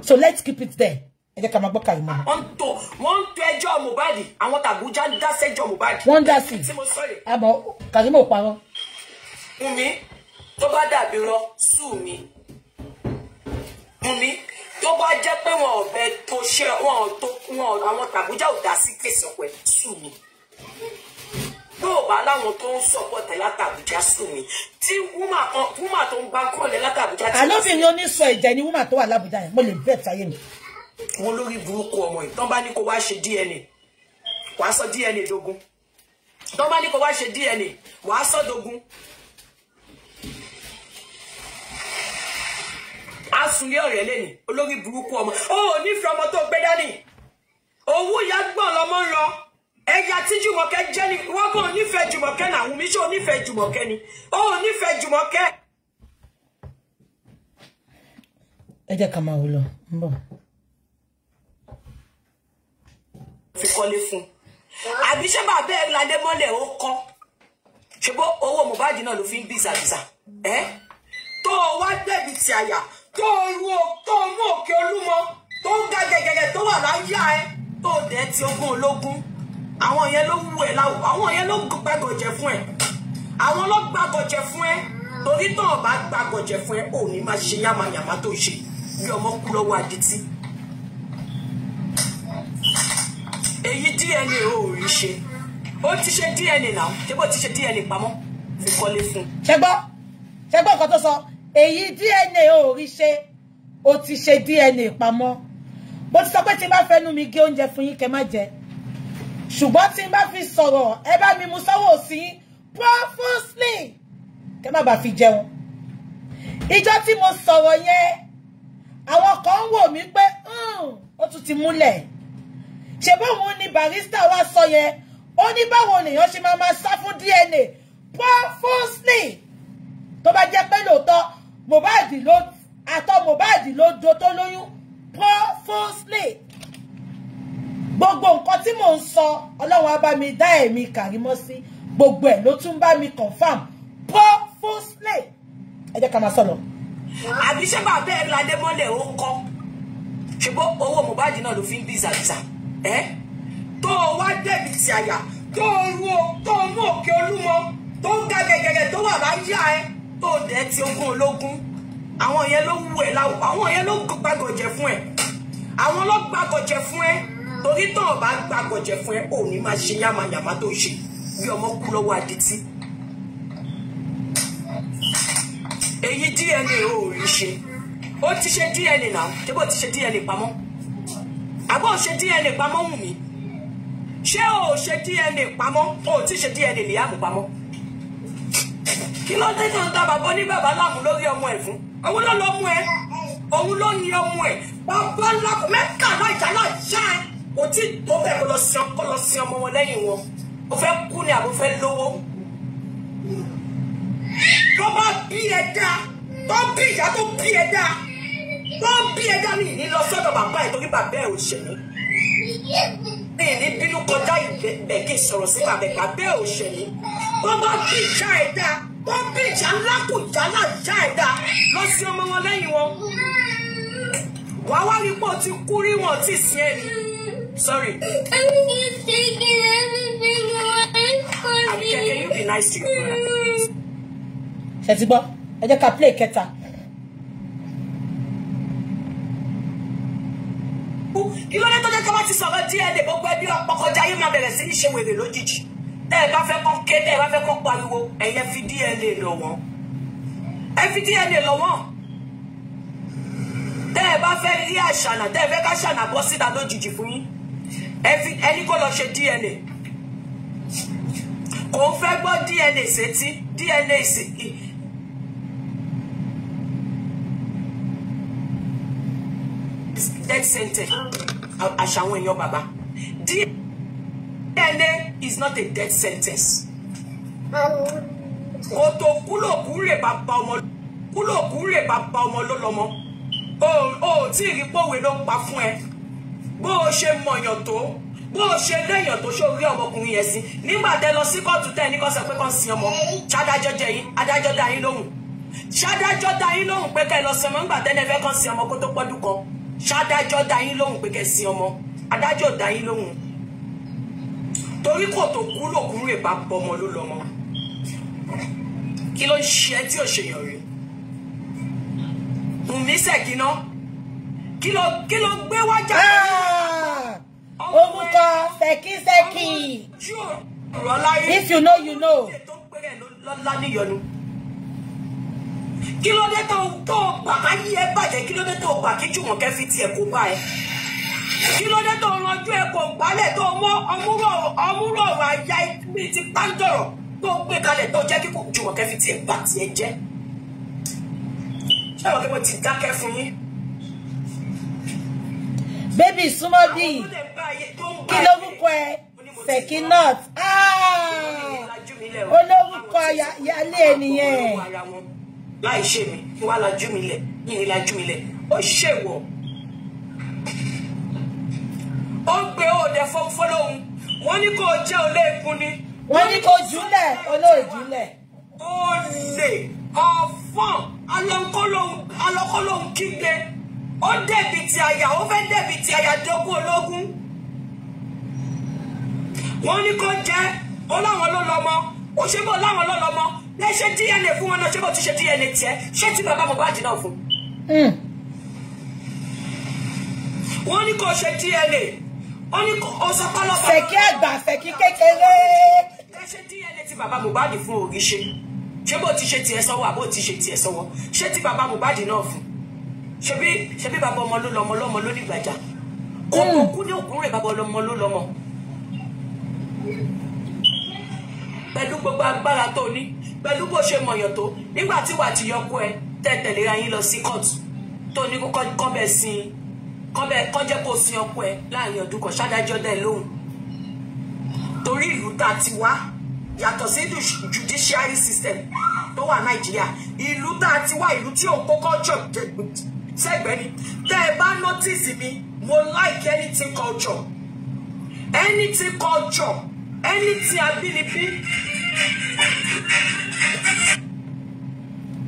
So let's keep it there. Ẹ jẹ́ ká máa gbọ́ Karimo. Wọ́n tó wọ́n tó ẹjọ́ Mohbad àwọn tàbújá ń dá sẹ́jọ́ Mohbad. Wọ́n dá sí. Tí mo sọ rè. Àmọ́ parọ́. Wùmí tó bá dàbí rọ sùn mi. tó bá jẹ́ pé wọn ò bẹ tó ṣe wọn tó wọn àwọn tàbújá ò dá sí kéèsì ọ̀pẹ sùn mí bá láwọn tó ń sọpọtẹ látàbújá sùn tí wúmà kan wúmà tó ń bá kọ́lẹ̀ látàbújá tí wọ́n sọ. àlọ́bìnrin oníṣọ ìjẹ́ ni wúmà tó wà lábújá yẹn mo lè bẹ́ẹ̀ táyé mi. wọn lórí burúkú ọmọ yìí tán bá ní kó wá ṣe DNA wàá sọ DNA dogun tán bá ní kó wá ṣe DNA wàá sọ dogun á sunlé ọ̀rẹ́ lẹ́nu olórí burúkú ọmọ ó nífẹ̀ẹ́ ọmọ tó gbé dání owó ìyá gbọ́n lọmọ ń lọ ẹ̀yà tí jùmọ̀kẹ́ jẹ́ ni wọ́n kàn nífẹ̀ẹ́ jùmọ̀kẹ́ náà àwọn oníṣẹ́ onífẹ̀ẹ́ jùmọ̀kẹ́ ni ó nífẹ̀ẹ́ jùmọ̀kẹ́. ẹ jẹ́ ká máa wò lọ ń bọ̀. fi kọ́lé fún àbí ṣé bàbá ẹ̀ ládé mọ́lẹ̀ ó kọ́ ṣùgbọ́n owó Mohbad náà ló fi ń bí ìsàbìsà ẹ́ tó o wá gbẹ̀bì ti àyà tó ru tó mú òkè olúmọ tó ń ga gẹ̀gẹ̀gẹ̀ tó wà láyà ẹ tó dẹ̀ ti ogún ológun àwọn yẹn ló wù ẹ láwù àwọn yẹn ló gbàgọ̀jẹ̀ fún ẹ àwọn ló gbàgọ̀jẹ̀ fún ẹ torí tó o bá gbàgọ̀jẹ̀ fún ẹ ò ní máa ṣe yàmàyàmà tó ṣe bí ọmọ kú lọ́wọ́ adití èyí DNA ò rí ṣe ó ti ṣe DNA náà ṣé bó ti ṣe DNA pamọ́ fi kọ́lé fún. ṣẹgbọ́ ṣẹgbọ́ nǹkan tó sọ èyí DNA ò rí ṣe o ti ṣe DNA pamọ́ bó ti sọ pé tí n bá fẹnu mi gé oúnjẹ fún yín kẹ má jẹ ṣùgbọ́n tí n bá fi sọ̀rọ̀ ẹ bá mi mú sọ́wọ́ sí yín profusely kẹ má bàa fi jẹun ìjọ tí mo sọ̀rọ̀ yẹn àwọn kan ń wò mí pé hmm, ó tún ti múlẹ̀ ṣe bóun ni barista wa sọ yẹn ó ní báwo nìyẹn ṣe máa máa sá fún DNA profusely tó bá jẹ́ pé lóòótọ́ Mohbad ló àtọ̀ Mohbad ló do tó lóyún purposely gbogbo nǹkan tí mò ń sọ ọlọ́run á bá mi dá ẹ̀mí Kàrímọ́ sí gbogbo ẹ̀ ló tún bá mi confam purposely ẹ jẹ́ ká máa sọ̀rọ̀. àbí ṣé bàbá ẹ̀ ládé mọ́lẹ̀ ó ń kọ́ ṣùgbọ́n owó Mohbad náà ló fi ń bí ìsàlùsà ẹ́ tó o wá débi ti àyà tó o rú o tó o mú òkè olúmọ tó ń ga tó wà láyé ẹ tó dẹ̀ ti ogún ológun àwọn yẹn ló wù ẹ́ láwù àwọn yẹn ló gbàgọ̀jẹ̀ fún ẹ àwọn ló gbàgọ̀jẹ̀ fún ẹ torí tó o bá gbàgọ̀jẹ̀ fún ẹ ò ní máa ṣe yàmàyàmà tó ṣe bí ọmọ kú lọ́wọ́ adití èyí DNA ò rí ṣe ó ti ṣe DNA náà ṣé ti ṣe DNA pamọ́ àbọ̀ ṣe DNA pamọ́ wù mí ṣé o ṣe DNA pamọ́ o ti ṣe DNA lè yàmù pamọ́ kí ló dé náà ta bàbá ní bàbá láàmú lórí ọmọ ẹ fún òun ló lọmú ẹ òun ló ní ọmọ ẹ bàbá lápò mẹ́ta náà ìjà náà já ẹ kò tí tó bẹ́ẹ̀ kó lọ sí ọkọ lọ sí ọmọ wọn lẹ́yìn wọn ó fẹ́ kú ni àbó fẹ́ lówó tó bá bí ẹ dá tó bí ìyá tó bí ẹ dá tó bí ẹ dá ní ìní lọ sọ́dọ̀ bàbá ẹ torí bàbá ẹ ò ṣẹlẹ̀ ní ìní bínú kọjá ìbẹ̀kì sọ̀rọ̀ sí bàbá ẹ bàbá ẹ ò ṣẹlẹ̀ wọ́n bá bí ìjà ẹ̀dá tó bí ìjà ńlá kù ìjà náà já ẹ̀dá lọ sí ọmọ wọn lẹ́yìn wọn. wà á wá rí pé o kú rí wọn tí sí ẹ ni. sorry. you be nice to your brother. ṣe ti gbọ́ ẹ jẹ́ ká play kẹta. kí ló dé tó jẹ́ kí wọ́n ti sọ̀rọ̀ díẹ̀ lè gbogbo ẹbí ọ̀pọ̀ kọjá yìí máa bẹ̀rẹ̀ sí ní ṣe wèrè lójijì tẹ́ ẹ bá fẹ́ kọ́ ké tẹ́ ẹ bá fẹ́ kọ́ pariwo ẹ̀yẹ fi DNA lọ wọ́n ẹ fi DNA lọ wọ́n tẹ́ ẹ bá fẹ́ rí àṣànà tẹ́ ẹ fẹ́ ká ṣànà bọ́ síta lójijì fún yín ẹ fi ẹni kó lọ ṣe DNA kò fẹ́ gbọ́ DNA sétí DNA sétí. death sentence àṣà àwọn èèyàn bàbá DNA tẹ́lẹ̀ is not a death sentence. kòtò kúlòkúrè bàbá ọmọ kúlòkúrè bàbá ọmọ ló lọmọ o ò tí ì rí pòwe ló ń pa fún ẹ bó o ṣe mọ̀yàn tó bó o ṣe léèyàn tó ṣó rí ọmọkùnrin yẹn sí nígbà tẹ lọ sí kóòtù tẹ ní kó sọ pé kó sin ọmọ ṣádájọ́ jẹ yín adájọ́ dá yín lóhùn ṣádájọ́ dá yín lóhùn pé kẹ́ lọ sin ọmọ nígbà tẹ́lẹ̀ fẹ́ kó sin ọmọ kó tó pọ́dún kan ṣádájọ́ dá yín lóhùn pé kẹ́ sin ọmọ adájọ́ dá yín lóhùn torí kò tó kú lòkúrú ìbá bọmọ ló lọmọ kí ló ń ṣe tí ò ṣèyàn rè bùnmí sẹ̀kínà kí ló kí ló gbé wájà. orúkọ sẹkísẹkì if you know you know. kí ló dé tó tó gbà káyé ẹ bàjẹ́ kí ló dé tó gbà kí jùmọ̀kẹ́ fi tiẹ̀ kó bá ẹ kí ló dé tó ń ranjú ẹ kò gbálẹ̀ tó mọ ọmúrò ọ̀rọ̀ àyà ibi ti pàǹdọ̀rọ̀ tó gbé kalẹ̀ tó jẹ́ kíkò Jùmọ̀kẹ́ fi tiẹ̀ bà tiẹ̀ jẹ́ ṣé àwọn akẹ́kọ̀ọ́ ti dákẹ́ fún yín. bébì súnmọ́ bí kí lórúkọ ẹ Sekinat olórúkọ yálé ènìyàn. láì ṣe mi wàá lajú mi lẹ̀ yìnyín lajú mi lẹ̀ ó ṣèwọ̀ ó gbé òde fọlọ́hún wọ́n ní kò jẹ́ olóògùn ni. wọ́n ní kò jùlẹ̀ olóòjùlẹ̀. olè ọ̀fọ̀n alọ́kọ́lóhun kígbe ó dẹ̀bi ti àyà ó fẹ́ dẹ̀bi ti àyà dógún ológun wọ́n ní kò jẹ́ ó láwọn ló lọ́mọ ó ṣe bó láwọn ló lọ́mọ lè ṣe DNA fún wọn náà ṣé bó ti ṣe DNA tiẹ̀ ṣé tí bàbá Mohbad náà fún. Hmm. wọ́n ní kò ṣe DNA ó ní ó sọ kọ́lọ́ bàbá. fẹ̀kí àgbà fẹ̀kí kékeré. ẹ ṣe DNA ti bàbá Mohbad fún òrí ṣe ṣé bó ti ṣe tiẹ̀ sọ́wọ́ àbó ti ṣe tiẹ̀ sọ́wọ́ ṣé ti bàbá Mohbad náà fún ṣebí ṣebí bàbá ọmọ ló lọmọ lọmọ ló ní gbàjà kó kó hmm. kú ní òkúrè bàbá ọmọ ló lọmọ pẹ̀lú gbogbo agbára tó ní pẹ̀lú bó ṣe mọ̀yàn tó nígbà tí wàá ti yọkú ẹ tẹ̀tẹ̀lé ra yín lọ sí kóòtù tó ní kọ́kọ́ bẹ̀ sin kọ́bẹ̀ kọ́jẹ́ kó sin ọkọ ẹ̀ láàrin ọdún kan ṣádájọ́ dẹ̀ lóhùn torí ìlú tá a ti wá yàtọ̀ sí judiciary system tó wà nàìjíríà ìlú tá a ti wá ìlú tí òun kókó jọ sẹ́gbẹ̀ẹ́ ni tẹ́ ẹ bá notice mi mo like anything culture anything culture anything ability.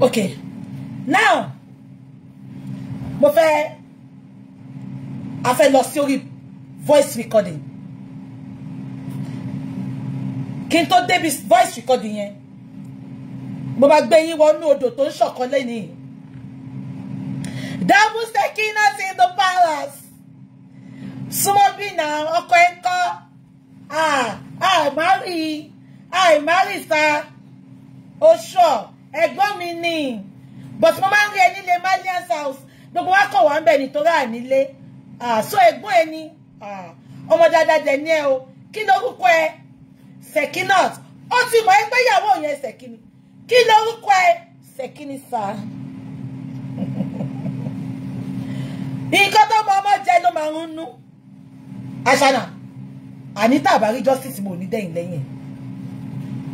okay now mo fẹ́ a fẹ́ lọ sí orí voice recording kí n tó débi voice recording yẹn mo bá gbé yín wọnú odò tó ń ṣọ̀kan lẹ́yìn Devil's taking us in the palace súnmọ́ bí na ọkọ ẹ̀ ń kọ́ àìmárì àìmárì sa oṣù ẹ̀gbọ́n mi ni but mo máa ń rí ẹ nílé malian's house gbogbo wa kọ̀ wá ń bẹ̀ nítorí ànílé àṣọ ẹ̀gbọ́n ẹ ni ọmọ dáadáa dẹ̀ ní ẹ o kí lórúkọ ẹ Sekinat ó ti mọ̀ ẹgbẹ́ ìyàwó yẹn Sekini kí lórúkọ ẹ Sekini sá. nǹkan tó mọ ọmọ jẹ ló máa ń nú Anita àbárí justice mo ní dẹ́yìn lẹ́yìn ẹ̀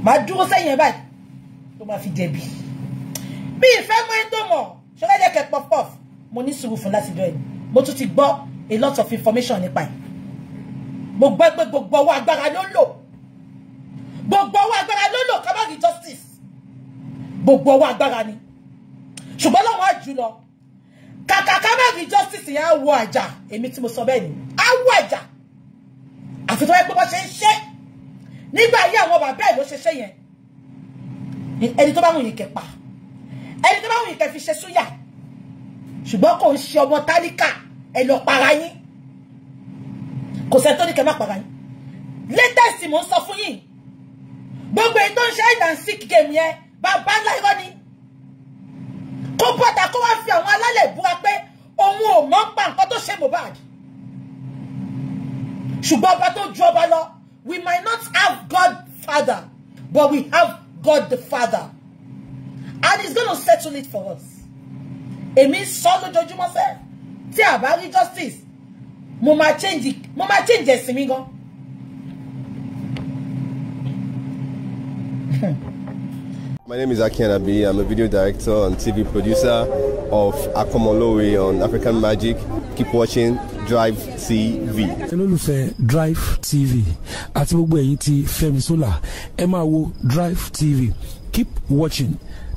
máa dúró sẹ́yìn ẹ̀ báyìí tó máa fi jẹ̀bi bí ìfẹ́ mọ́ ẹ́ tó mọ̀ ṣọlá jẹ́ kẹ́ pọ̀pọ̀ mo ní sùúrù fún láti jọ ẹ̀ mo tún ti gbọ́ a lot of information nípa ẹ̀ gbogbo ẹgbẹ́ gbogbo ọwọ́ agbára ló lò gbogbo ọwọ́ agbára ló lò ká má rí justice gbogbo ọwọ́ agbára ni ṣùgbọ́n lọ́wọ́ àjùlọ kàkà ká má justice yẹn á wọ àjà èmi tí mo sọ bẹ́ẹ̀ ni á wọ àjà àfi tó yẹ pé wọ́n ṣe ń ṣe nígbà ayé àwọn bàbá ẹ̀ ló ṣe ṣe yẹn ẹni tó bá wù yín kẹ́ pa ẹni tó bá wù yín kẹ́ ṣe súyà ṣùgbọ́n kò ń ṣe ọmọ tálíkà ẹ lọ para yín kò sẹ́ni tó ní kẹ́ má para yín latest mo ń sọ fún yín gbogbo èyí tó ń ṣe hide and seek game yẹn bàbá ńlá irọ́ ni kó bọ́ta kó wá fi àwọn alálẹ̀ búra pé òun ò mọ̀ pa nǹkan tó ṣe Mohbad ṣùgbọ́n ọba tó ju ọba lọ we might not have God father but we have God the father and he's gonna settle it for us èmi sọ lójoojúmọ́ sẹ́ẹ̀ tí a bá rí justice mo máa change mo máa change ẹ̀sìn mi gan. My name is Aki Anabi. I'm a video director and TV producer of Akomolowe on African Magic. Keep watching Drive TV. olólùfẹ́ Drive TV àti gbogbo ẹ̀yin tí Fẹ́mi Sola ẹ máa wo Drive TV. Keep watching.